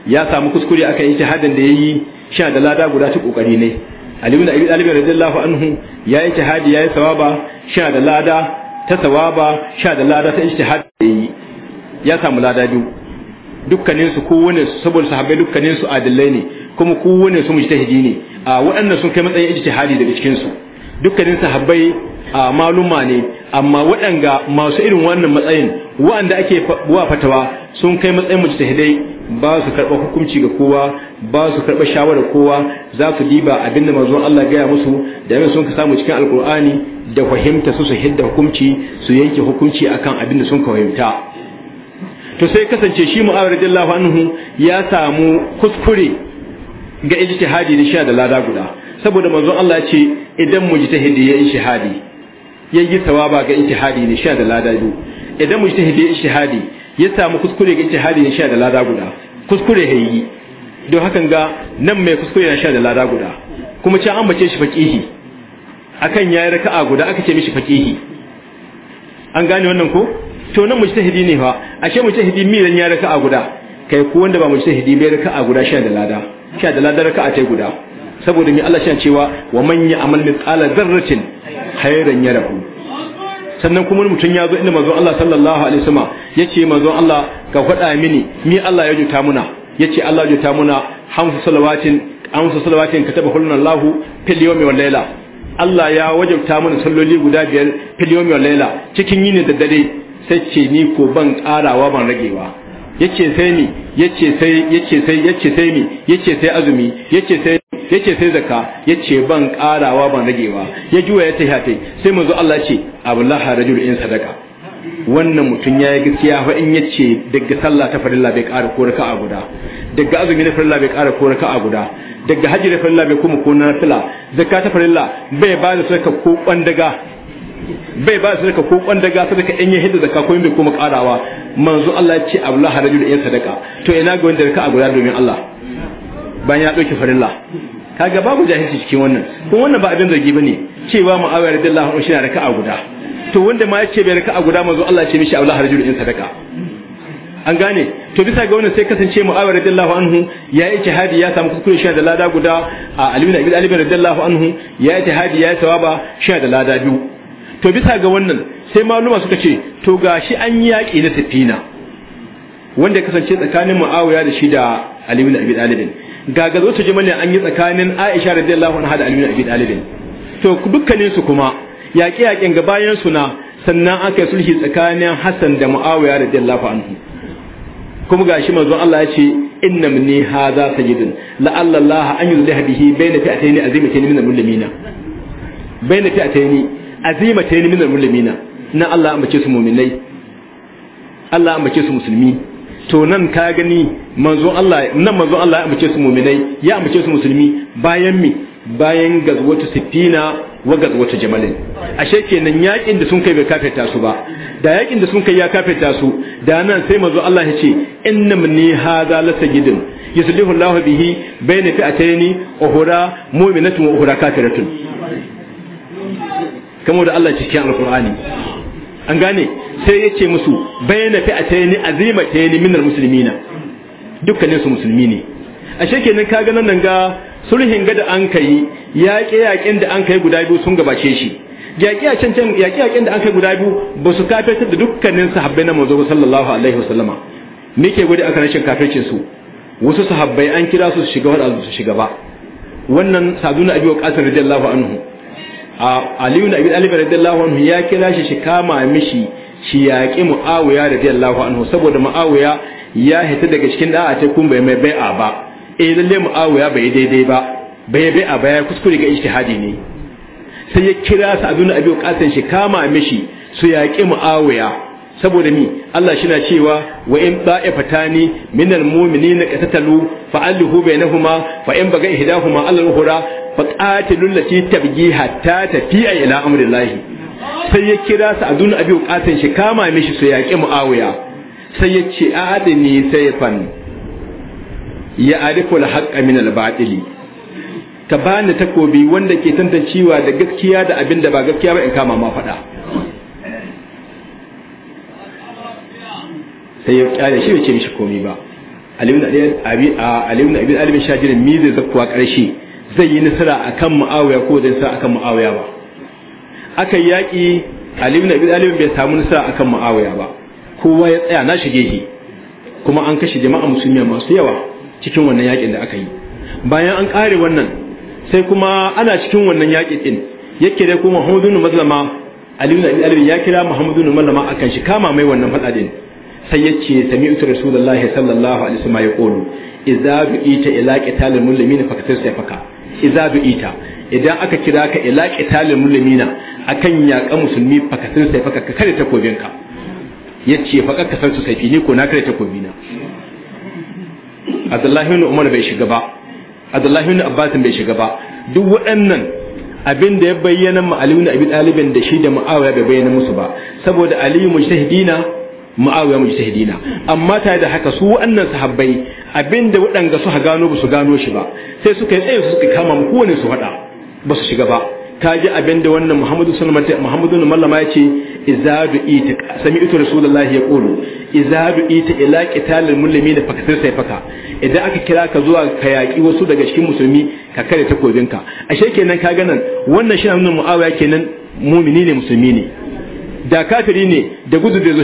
ya samu kuskure aka yi shahadin da ya yi sha da lada guda ta kokari ne alimin da abi talib radiyallahu anhu ya yi shahadi ya yi sawaba sha da lada ta sawaba sha da lada ta ijtihadi da yi ya samu lada biyu dukkanin su kowane su saboda sahabbai dukkanin su adillai ne kuma kowane su mujtahidi ne a waɗannan sun kai matsayin ijtihadi daga cikin su dukkanin sahabbai A maluma ne amma waɗanga masu irin wannan matsayin waɗanda ake wa fatawa sun kai matsayin mujtahidai ba su karɓa hukunci ga kowa ba su karɓa shawarar kowa za su diba abinda manzon Allah gaya musu da yawan sun ka samu cikin alkur'ani da fahimta su su hidda hukunci su yanke hukunci akan abinda sun ka fahimta to sai kasance shi mu'awiyar radiyallahu anhu ya samu kuskure ga ijtihadi na sha da lada guda saboda manzon Allah ce idan mujtahidi ya yi shahadi yi sawaba ga ijtihadi ne sha da lada biyu idan mujtahidi ijtihadi ya samu kuskure ga ijtihadi ne sha da lada guda kuskure yi don hakan ga nan mai kuskure ya sha da lada guda kuma can an bace shi faqihi akan yayi raka'a guda aka ce mishi faqihi an gane wannan ko to nan mujtahidi ne fa ashe mujtahidi miran ya raka'a guda kai ko wanda ba mujtahidi bai raka'a guda sha da lada sha da lada raka'a tai guda saboda ni Allah shan cewa wa man ya amal mithqala dharratin khairan yarahu sannan kuma mutum ya zo inda manzon Allah sallallahu alaihi wasallam yace manzon Allah ka faɗa mini ni Allah ya juta muna yace Allah ya juta muna hamsu salawatin hamsu salawatin kataba hulna Allah fil yawmi wal layla Allah ya wajabta mana salloli guda biyar fil yawmi wal layla cikin yini da dare sai ce ni ko ban karawa ban ragewa yace sai ni yace sai yace sai yace sai ni yace sai azumi yace sai yace sai ya yace ban karawa ban ragewa ya juya ya tafiya tai sai manzo Allah ce abdullahi rajul in sadaka wannan mutum ya yi gaskiya fa in yace daga sallah ta farilla bai kara ko raka'a guda daga azumi na farilla bai kara ko raka'a guda daga hajji na farilla bai kuma ko na nafila zakka ta farilla bai ba da sadaka ko kwandaga bai ba sadaka ko kwandaga sadaka in ya hidda zakka ko in bai kuma karawa manzo Allah ya ce abdullahi da in sadaka to ina ga wanda a guda domin Allah bayan ya ɗauki farilla kaga babu jahilci cikin wannan kuma wannan ba abin zargi bane cewa mu'awiya radiyallahu anhu shine raka'a guda to wanda ma yace bai raka'a guda manzo Allah ce mishi Allah harjuru in sadaka an gane to bisa ga wannan sai kasance mu'awiya radiyallahu anhu ya yi jihadi ya samu kuskure shi da lada guda a Ali bin Abi Talib radiyallahu anhu ya yi jihadi ya yi sawaba shi da lada biyu to bisa ga wannan sai maluma suka ce to gashi an yaƙi na safina wanda kasance tsakanin mu'awiya da shi da Ali bin Abi Talib gagazo ta jimali an yi tsakanin Aisha radiyallahu anha da Ali bin Abi Talib to dukkanin su kuma yaƙe yaƙen ga bayan su na sannan aka yi sulhi tsakanin Hassan da Muawiya radiyallahu anhu kuma gashi manzon Allah ya ce inna minni hadha sayyidun la Allah an yuzliha bihi bayna fi'atayn azimatayn min al-mulmina bayna fi'atayn azimatayn min al-mulmina na Allah ambace su mu'minai Allah ambace su musulmi to nan ka gani manzon Allah nan manzon Allah ya amince su mu'minai ya amince su musulmi bayan mi bayan gazwatu sifina wa gazwatu jamalin ashe kenan yakin da sun kai bai kafeta su ba da yakin da sun kai ya kafeta su da nan sai manzo Allah ya ce inna ni hadha sajidun yuslihu Allah bihi bayna fi'ataini uhura mu'minatu wa uhura kafiratun kamar da Allah cikin alqur'ani an gane sai ya ce musu bayyana fi atayni azimatayni minal na, dukkanin su musulmi ne ashe kenan ka ganan nan ga sulhin ga da an kai yaƙe yaƙen da an kai guda biyu sun gabace shi yaƙe yaƙen da an kai guda biyu ba su kafirtar da dukkanin sahabbai na manzo sallallahu alaihi wasallama me ke gudu akan rashin kafircin su wasu sahabbai an kira su su shiga wadda su shiga ba wannan saduna abi wa qasim radiyallahu anhu aliyu na Ibn alibar radiyallahu anhu ya kira shi shi kama mishi shi yaƙi mu'awiya radiyallahu anhu saboda mu'awiya ya hita daga cikin da'a ta kun bai mai bai'a ba eh lalle mu'awiya bai daidai ba bai bai'a ba ya kuskure ga ijtihadi ne sai ya kira sa abu abi qasim shi kama mishi su yaƙi mu'awiya saboda mi Allah shi na cewa wa in fatani minal mu'minina qatatalu fa'alhu bainahuma fa in baga ihdahuma al ukhra faqatilul lati tabgi hatta tafi'a ila amrillahi sai ya kira sa adun abi qatan shi kama mishi su yaƙi muawiya sai ya ce adani fan. ya arifu al haƙƙa min al ka bani takobi wanda ke tantancewa da gaskiya da abin da ba gaskiya ba in kama ma faɗa sai ya kyale shi bai ce mishi komai ba alimin abin alimin shajirin mi zai zakkuwa ƙarshe zai yi nasara a kan muawiya ko zai sa kan muawiya ba aka yi yaƙi Ali da Abi bai samu nasara a kan muawiya ba kowa ya tsaya na shige shi kuma an kashe jama'a musulmi masu yawa cikin wannan yaƙin da aka yi bayan an ƙare wannan sai kuma ana cikin wannan yaƙin ɗin, yake dai kuma Muhammadu Mazlama Ali da Abi ya kira Muhammadu Mazlama kan shi kama mai wannan faɗaɗin sai ya ce sami'tu rasulullahi sallallahu alaihi wasallam ya qulu idza ita ila qitalil muslimin faqtasil faka Iza du'ita idan aka kira ka ila qitalil mulmina akan yaƙa musulmi fakatin sai faka kare takobin ka yace faka ka su sai ni ko na kare takobina Abdullahi ibn Umar bai shiga ba Abdullahi ibn Abbas bai shiga ba duk waɗannan abin da ya bayyana ma Ali ibn Abi Talib da shi da Muawiya bai bayyana musu ba saboda Ali mujtahidina Muawiya mujtahidina amma tare da haka su wannan sahabbai abinda waɗanga suka gano ba su gano shi ba sai suka yi tsaye suka kama mu kowane su faɗa ba su shiga ba ta ji abinda wannan Muhammadu sallallahu Muhammadu mallama ya ce izadu ita sami ita rasulullahi ya qulu izadu ita ila qitalil da fakatir sai faka idan aka kira ka zuwa ka yaki wasu daga cikin musulmi ka kare ka. ashe kenan ka ganan wannan shi nuna muawiya kenan mumini ne musulmi ne da kafiri ne da gudu da zo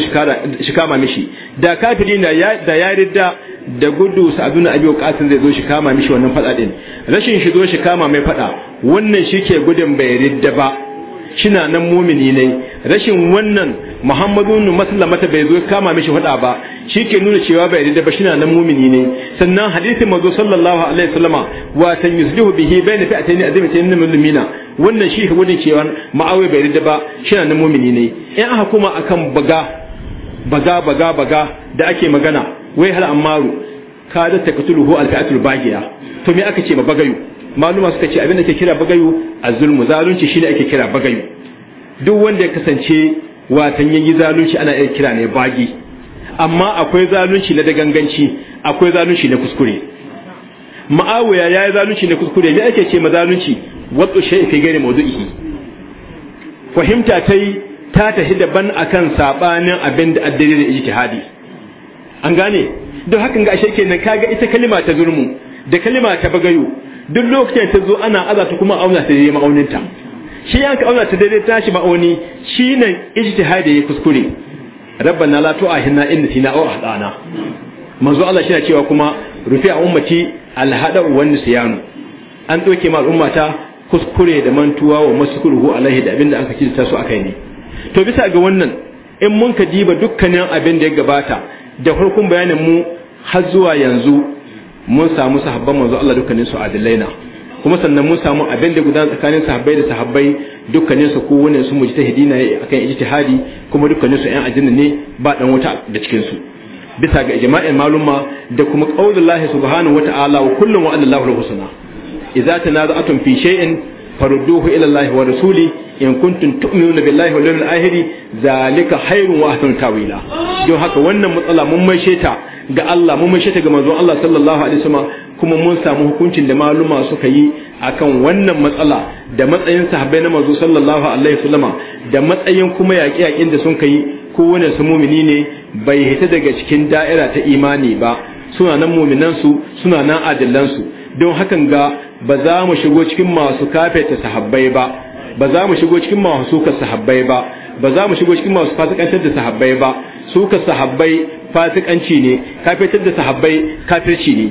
shi kama mishi da kafiri ne da ya da gudu sa'ad bin abi waqasin zai zo shi kama mishi wannan fada din rashin shi zo shi kama mai fada wannan shike gudun bai ridda ba shina nan mumini ne rashin wannan muhammadu ibn maslamata bai zo kama mishi fada ba shike nuna cewa bai ridda ba shina nan mumini ne sannan hadisin manzo sallallahu alaihi wasallama wa san yuslihu bihi bayna fi'atayn azimatayn min mu'minina wannan shi gudun cewa ma'awi bai ridda ba shina nan mumini ne in aka kuma akan baga baga baga baga da ake magana wai hal ammaru ka da ta katuluhu alfi'atul bagiya to me aka ce ma bagayu maluma suka ce abin da ke kira bagayu azulmu zalunci shine ake kira bagayu duk wanda ya kasance watan yayi zalunci ana iya kira ne bagi amma akwai zalunci na daganganci akwai zalunci na kuskure ma'awiya ya yi zalunci na kuskure me ake ce ma zalunci wato shay'i fi ghairi mawdu'ihi fahimta tai ta tahi daban akan sabanin abin da addare da ijtihadi an gane don hakan ga ashe kenan kaga ita kalima ta zurmu da kalima ta bagayo duk lokacin ta zo ana aza ta kuma auna ta yi ma'auninta shi an ka auna ta daidai tashi ma'auni shi nan ijtihadi ya kuskure rabbana la tu'ahinna inna sina aw ahdana manzo Allah shi na cewa kuma rufe a ummati alhada wa nisyanu an doke ma al'ummata kuskure da mantuwa wa masukuru alaihi da abinda aka kirta su akai ne to bisa ga wannan in mun ka diba dukkanin abin da ya gabata da farkon bayanin mu har zuwa yanzu mun samu sahabban manzo Allah dukkanin su adilai na kuma sannan mun samu abin da gudanar tsakanin sahabbai da sahabbai dukkanin su ko wani su mujtahidi ne akan ijtihadi kuma dukkanin su ƴan ajinna ne ba dan wuta da cikin su bisa ga ijma'in maluma da kuma qaulullahi subhanahu wata'ala wa kullu wa Allahu al-husna idza tanaza'atum fi shay'in فردوه ila الله wa rasuli in تؤمنون بالله واليوم الآخر ذلك خير zalika تأويلا جو هكا tawila don haka wannan matsala mun maisheta ga Allah mun maishe ga manzon Allah sallallahu alaihi wasallam kuma mun samu hukuncin da maluma suka yi akan wannan matsala da matsayin sahabbai na manzo sallallahu alaihi wasallama da matsayin kuma yaƙi-yaƙin da sun kai kowane su mumini ne bai hita daga cikin da'ira ta imani ba suna nan muminan su suna nan adillan su don hakan ga ba za mu shigo cikin masu kafeta sahabbai ba ba za mu shigo cikin masu suka sahabbai ba ba za mu shigo cikin masu fasikantar da sahabbai ba suka sahabbai fasikanci ne kafetar da sahabbai kafirci ne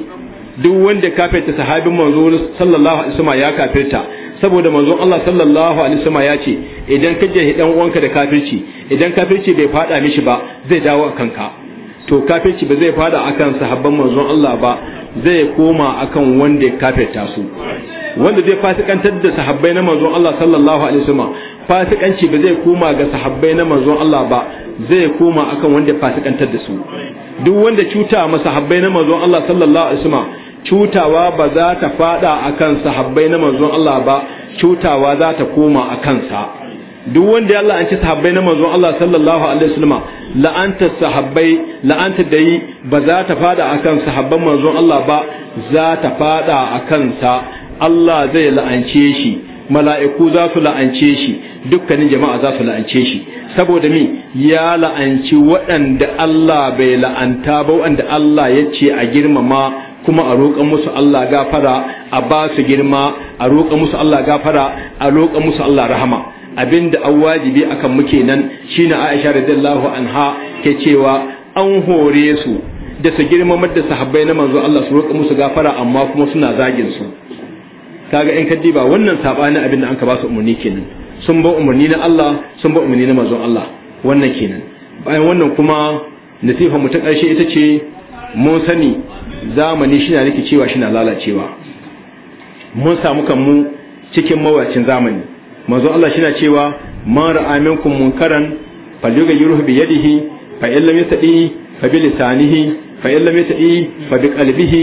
duk wanda kafeta sahabin manzo sallallahu alaihi wasallam ya kafirta saboda manzon Allah sallallahu alaihi wasallam ya ce idan ka jahi dan uwanka da kafirci idan kafirci bai fada mishi ba zai dawo kanka to kafirci ba zai fada akan sahabban manzon Allah ba zai koma akan wanda ya kafirta su wanda zai fasikantar da sahabbai na manzon Allah sallallahu alaihi wasallam fasikanci ba zai koma ga sahabbai na manzon Allah ba zai koma akan wanda ya fasikantar da su duk wanda cuta ma sahabbai na manzon Allah sallallahu alaihi wasallam cutawa ba za ta fada akan sahabbai na manzon Allah ba cutawa za ta koma akan sa duk wanda ya la'anci sahabbai na manzon Allah sallallahu alaihi wasallam la'anta sahabbai la'anta da yi ba za ta fada akan sahabban manzon Allah ba za ta fada akan sa Allah zai la'ance shi mala'iku za su la'ance shi dukkanin jama'a za su la'ance shi saboda mi ya la'anci waɗanda Allah bai la'anta ba waɗanda Allah ya ce a girmama kuma a roƙa musu Allah gafara a ba su girma a roƙa musu Allah gafara a roƙa musu Allah rahama Abin da an wajibi akan muke nan shi na Aisha da radiyallahu anha ke cewa an hore su da su girmamar da sahabbai na manzo Allah su roƙa musu gafara amma kuma suna zagin su kaga in kaddi ba wannan sabanin abin da an ka ba su umarni kenan sun ba umarni na Allah sun ba umarni na manzo Allah wannan kenan bayan wannan kuma nasiha mu ta ƙarshe ita ce mun sani zamani shina rikicewa shina lalacewa mun samu kanmu cikin mawacin zamani manzon Allah shi na cewa man ra'a minkum munkaran falyughayyirhu bi yadihi fa in lam yastati fa bi lisanihi fa in lam yastati fa bi qalbihi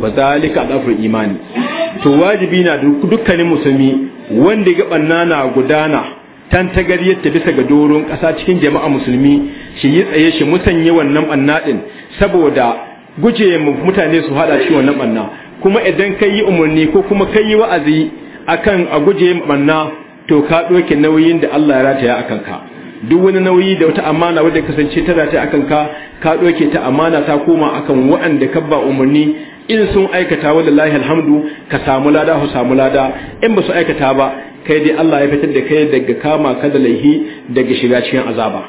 wa zalika al imani to wajibi na dukkanin musulmi wanda ga banna na gudana tan tagariyar bisa ga doron kasa cikin jama'a musulmi shi yi tsaye shi musanye wannan banna din saboda guje mutane su hada shi wannan banna kuma idan kai yi umarni ko kuma kai yi wa'azi akan a guje banna to ka ɗauke nauyin da Allah ya rataya akan ka duk wani nauyi da wata amana wadda kasance ta rataya akan ka ka ɗauke ta amana ta koma akan waɗanda ka ba umarni in sun aikata wallahi alhamdu ka samu lada ku samu lada in ba su aikata ba kai dai Allah ya fitar da kai daga kama ka da laihi daga shiga cikin azaba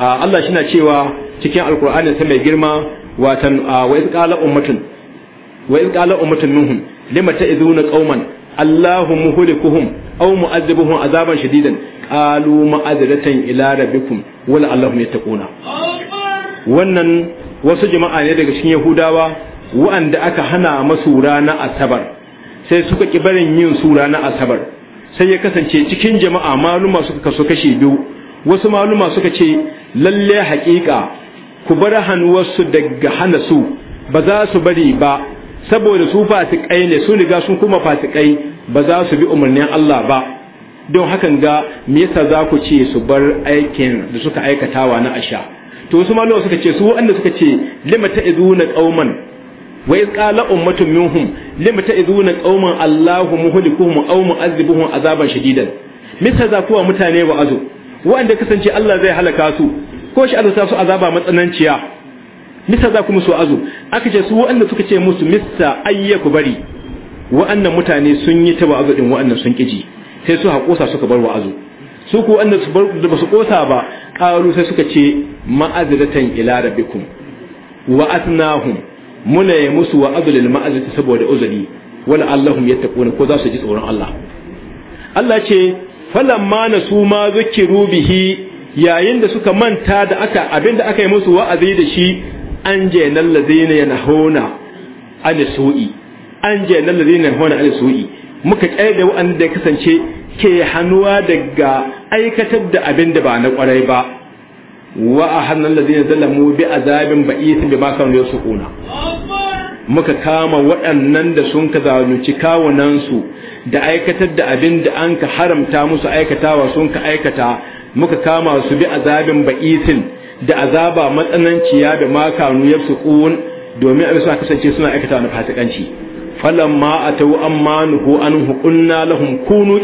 Allah shi cewa cikin alkur'ani sai mai girma watan wa iz qala ummatun wa iz qala ummatun minhum lima ta'izuna qauman Allahu muhlikuhum aw mu'adzibuhum azaban shadidan qalu ma'adratan ila rabbikum ya Allahu yattaquna wannan wasu jama'a ne daga cikin yahudawa wa'anda aka hana masu rana asabar sai suka ki barin yin sura na asabar sai ya kasance cikin jama'a maluma suka kaso kashi biyu wasu maluma suka ce lalle haƙiƙa ku bar hannuwarsu daga hana su ba za su bari ba saboda su fasikai ne su riga sun kuma fasikai ba za su bi umarnin Allah ba don hakan ga me yasa za ku ce su bar aikin da suka aikatawa na asha to ma malama suka ce su wanda suka ce limata izuna qauman wa iz qala ummatun minhum limata izuna qauman Allahu muhlikuhum aw mu'azzibuhum azaban shadidan misa za kuwa mutane wa'azu wa'anda kasance Allah zai halaka su ko shi su azaba matsananciya misa za ku musu azu aka ce su waanda suka ce musu misa ayya ku bari wa'annan mutane sun yi ta wa'azu din wa'annan sun kiji sai su haƙosa suka bar wa'azu su ku wa'anda su bar da su ƙosa ba ƙaru sai suka ce ma'azratan ila rabbikum wa asnahum muna yi musu wa'azu lil saboda uzuri wala allahum yattaquna ko za su ji tsoron Allah Allah ce falamma nasu ma zukiru bihi yayin da suka manta da aka abinda aka yi musu wa'azi da shi an je nan lazina ya nahona ala su'i an je nan lazina ya nahona ala su'i muka da wanda ya kasance ke hannuwa daga aikatar da abin da ba na kwarai ba wa ahanna lazina zalamu bi azabin ba'is bi ma su kuna? muka kama waɗannan da sun ka zalunci su da aikatar da abin da an ka haramta musu aikatawa sun ka aikata muka kama su bi azabin ba'isin da azaba matsananciya da makanu ya kuwun domin a bisa kasance suna aikata wani fasikanci Falon falamma atau amma nuhu an hukunna lahun kunu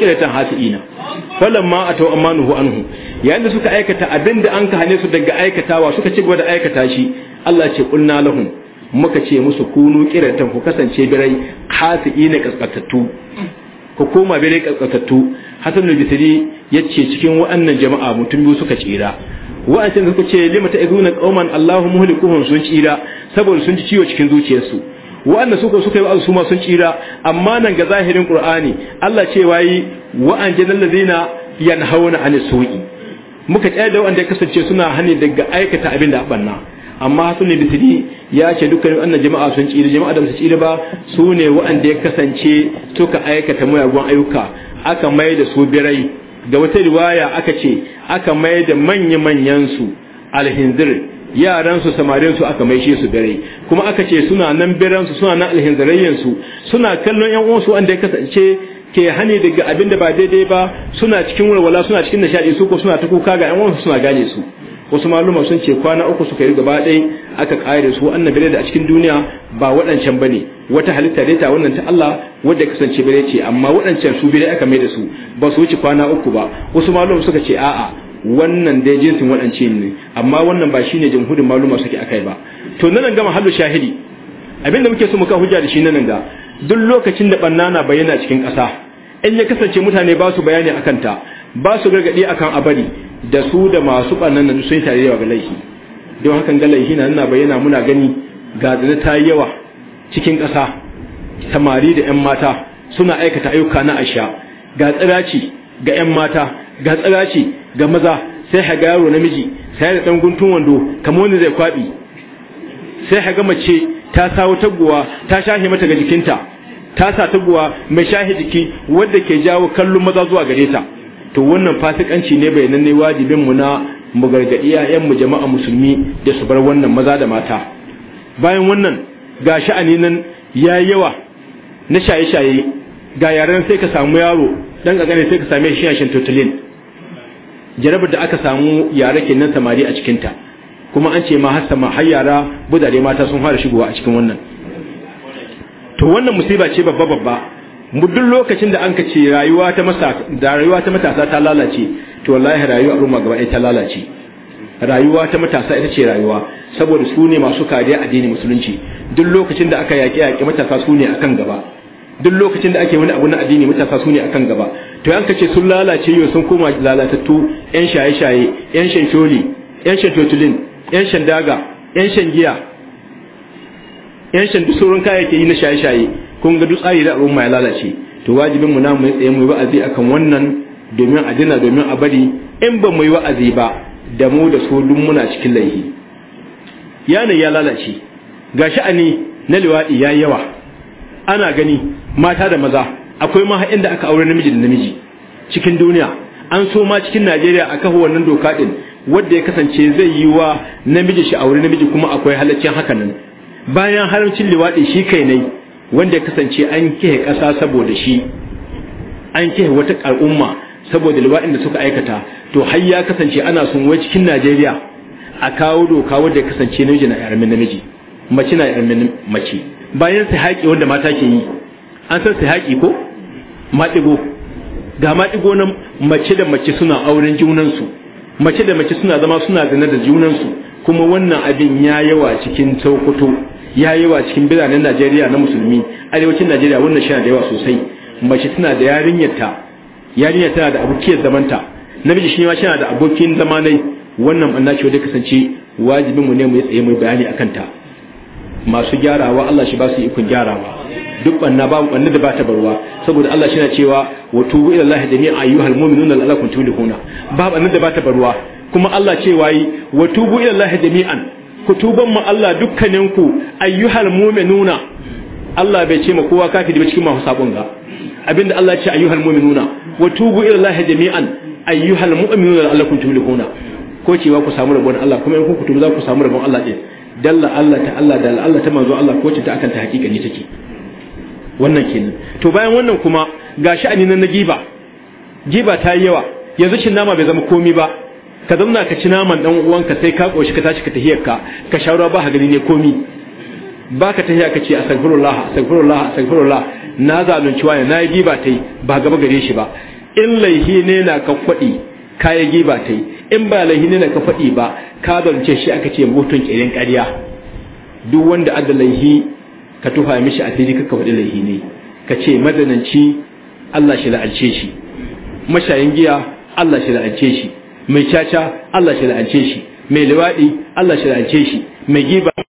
Falon ma a ta'u an amma nuhu hu yayin da suka aikata abin da an ka hane su daga aikatawa suka ci gaba da aikata shi Allah ce kunna lahum muka ce musu kunu kiratan ku kasance birai ina kaskatattu ku koma birai kaskatattu hasan Bisiri ya yace cikin waɗannan jama'a mutum biyu suka tsira wa'ancin da suka ce lima ta izuna qauman Allahu muhlikuhum sun tsira saboda sun ji ciwo cikin zuciyarsu wa'anda suka suka yi su sun tsira amma nan ga zahirin Qur'ani Allah ce wayi wa'anjan allazina yanhauna anis su'i muka tsaya da wanda ya kasance suna hani daga aikata abin da abanna amma hasan bisiri ya ce dukkanin annan jama'a sun tsira jama'a da su tsira ba sune ne wa'anda ya kasance suka aikata muyagun ayyuka aka mai da su birai ga wata riwaya aka ce aka mai da manya-manyan su alhinzir yaran su samarin su aka mai su dare kuma aka ce suna nan biran su suna nan alhindirayen su suna kallon yan uwansu wanda ya kasance ke hani daga abin da ba daidai ba suna cikin walwala suna cikin nishadi su ko suna ta kuka ga yan uwansu suna gane su wasu maluma sun ce kwana uku suka yi gaba ɗaya aka ƙare su wannan bire da a cikin duniya ba waɗancan bane wata halitta dai ta wannan ta Allah wadda kasance bare ce amma waɗancan su bare aka mai da su ba su wuce kwana uku ba wasu maluma suka ce a'a wannan dai jinsin waɗance ne amma wannan ba shine jamhurin maluma suke akai ba to nan ga mahallu shahidi abinda muke so ka hujja da shi nan ga duk lokacin da bannana na bayyana cikin ƙasa in ya kasance mutane ba su bayani akan ta ba su gargaɗi akan abari da su da masu ɓannan nan sun tare yawa ga laifi don hakan ga laifi na nuna bayyana muna gani ga zina ta yi yawa cikin ƙasa samari da 'yan mata suna aikata ayyuka na asha ga tsiraci ga 'yan mata ga tsiraci ga maza sai haga yaro namiji sai da ɗan guntun wando kamar wani zai kwaɓi sai haga mace ta sawo taguwa ta shahe mata ga jikinta ta sa taguwa mai shahe jiki wadda ke jawo kallon maza zuwa gare ta to wannan fasikanci ne bai nan wajibin mu na mu gargadi yayan mu jama'a musulmi da su bar wannan maza da mata bayan wannan ga sha'ani nan ya yawa na shaye-shaye ga yaran sai ka samu yaro dan gane sai ka same shi yashin totalin jarabar da aka samu yara kenan samari a ta kuma an ce ma har sama har yara budare mata sun fara shigowa a cikin wannan to wannan musiba ce babba babba mu duk lokacin da an ka ce rayuwa ta masa da rayuwa ta matasa ta lalace to wallahi rayuwa al'umma gaba ɗaya ta lalace rayuwa ta matasa ita ce rayuwa saboda su ne masu kariya addinin musulunci duk lokacin da aka yaƙi yaƙi matasa su ne akan gaba duk lokacin da ake wani abu na addini matasa su ne akan gaba to yanka ce sun lalace yau sun koma lalatattu yan shaye-shaye yan shan coli yan shan totulin yan shan daga yan shan giya yan shan duk kayayyaki na shaye-shaye kun ga duk tsari da al'umma ya lalace to wajibin mu na mu tsaye mu yi wa'azi akan wannan domin a dina domin a bari in ba mu yi wa'azi ba da mu da su duk muna cikin laifi yanayi ya lalace ga sha'ani na liwaɗi ya yawa ana gani mata da maza akwai ma haɗin da aka aure namiji da namiji cikin duniya an so ma cikin najeriya a kafa wannan doka ɗin wadda ya kasance zai yi wa namiji shi aure namiji kuma akwai halaccin nan bayan haramcin liwaɗi shi kai ne wanda ya kasance an kihe ƙasa saboda shi an kihe wata al'umma saboda liwa'in da suka aikata to har ya kasance ana sun wai cikin Najeriya a kawo doka wanda ya kasance namiji na yarmin namiji mace na yarmin mace bayan sai haƙi wanda mata ke yi an san sai haƙi ko maɗigo ga maɗigo na mace da mace suna auren junansu mace da mace suna zama suna zina da junansu kuma wannan abin ya yawa cikin sokoto. ya yi wa cikin biranen najeriya na musulmi arewacin najeriya wannan shi da yawa sosai mace tana da yarinyarta yarinyar tana da abokiyar zamanta namiji shi ma shi da abokin zamanai wannan banna ce wanda kasance wajibin mu ne mu tsaye mu bayani akan ta masu gyarawa Allah shi ba su ikon gyarawa duk banna ba mu banna da ba ta barwa saboda Allah shi na cewa wa tubu ila Allah jami'a ayyuhal mu'minuna la'allakum tuflihuna ba banna da ba ta barwa kuma Allah ce wayi wa tubu ila Allah jami'an ku tuban mu Allah dukkaninku ayyuhal mu'minuna Allah bai ce ma kowa kafiri ba cikin masu sabon ga abinda Allah ya ce ayyuhal mu'minuna wa tubu ila Allah jami'an ayyuhal mu'minuna la'allakum tuflihuna ko cewa ku samu rabon Allah kuma in ku tubu za ku samu rabon Allah din dalla Allah ta Allah dalla Allah ta manzo Allah ko ce ta akan ta hakika ne take wannan kenan to bayan wannan kuma gashi a nan na giba giba ta yi yawa yanzu shin nama bai zama komi ba ka zamna ka ci naman dan uwanka sai ka koshi ka tashi ka tahiyar ka ka shawara ba gani ne komi ba ka tahiya ka ce astaghfirullah astaghfirullah astaghfirullah na zalunci wani na yi giba tai ba gaba gare shi ba in laihi ne na ka kwadi ka yi giba tai in ba laihi ne na ka fadi ba ka zalunce shi aka ce mutun kirin ƙarya duk wanda adda laihi ka tuha mishi a fili ka faɗi laihi ne ka ce madananci Allah shi la'alce shi mashayin giya Allah shi la'alce shi mai caca Allah shi la'ance shi mai liwaɗi Allah shi la'ance shi mai giba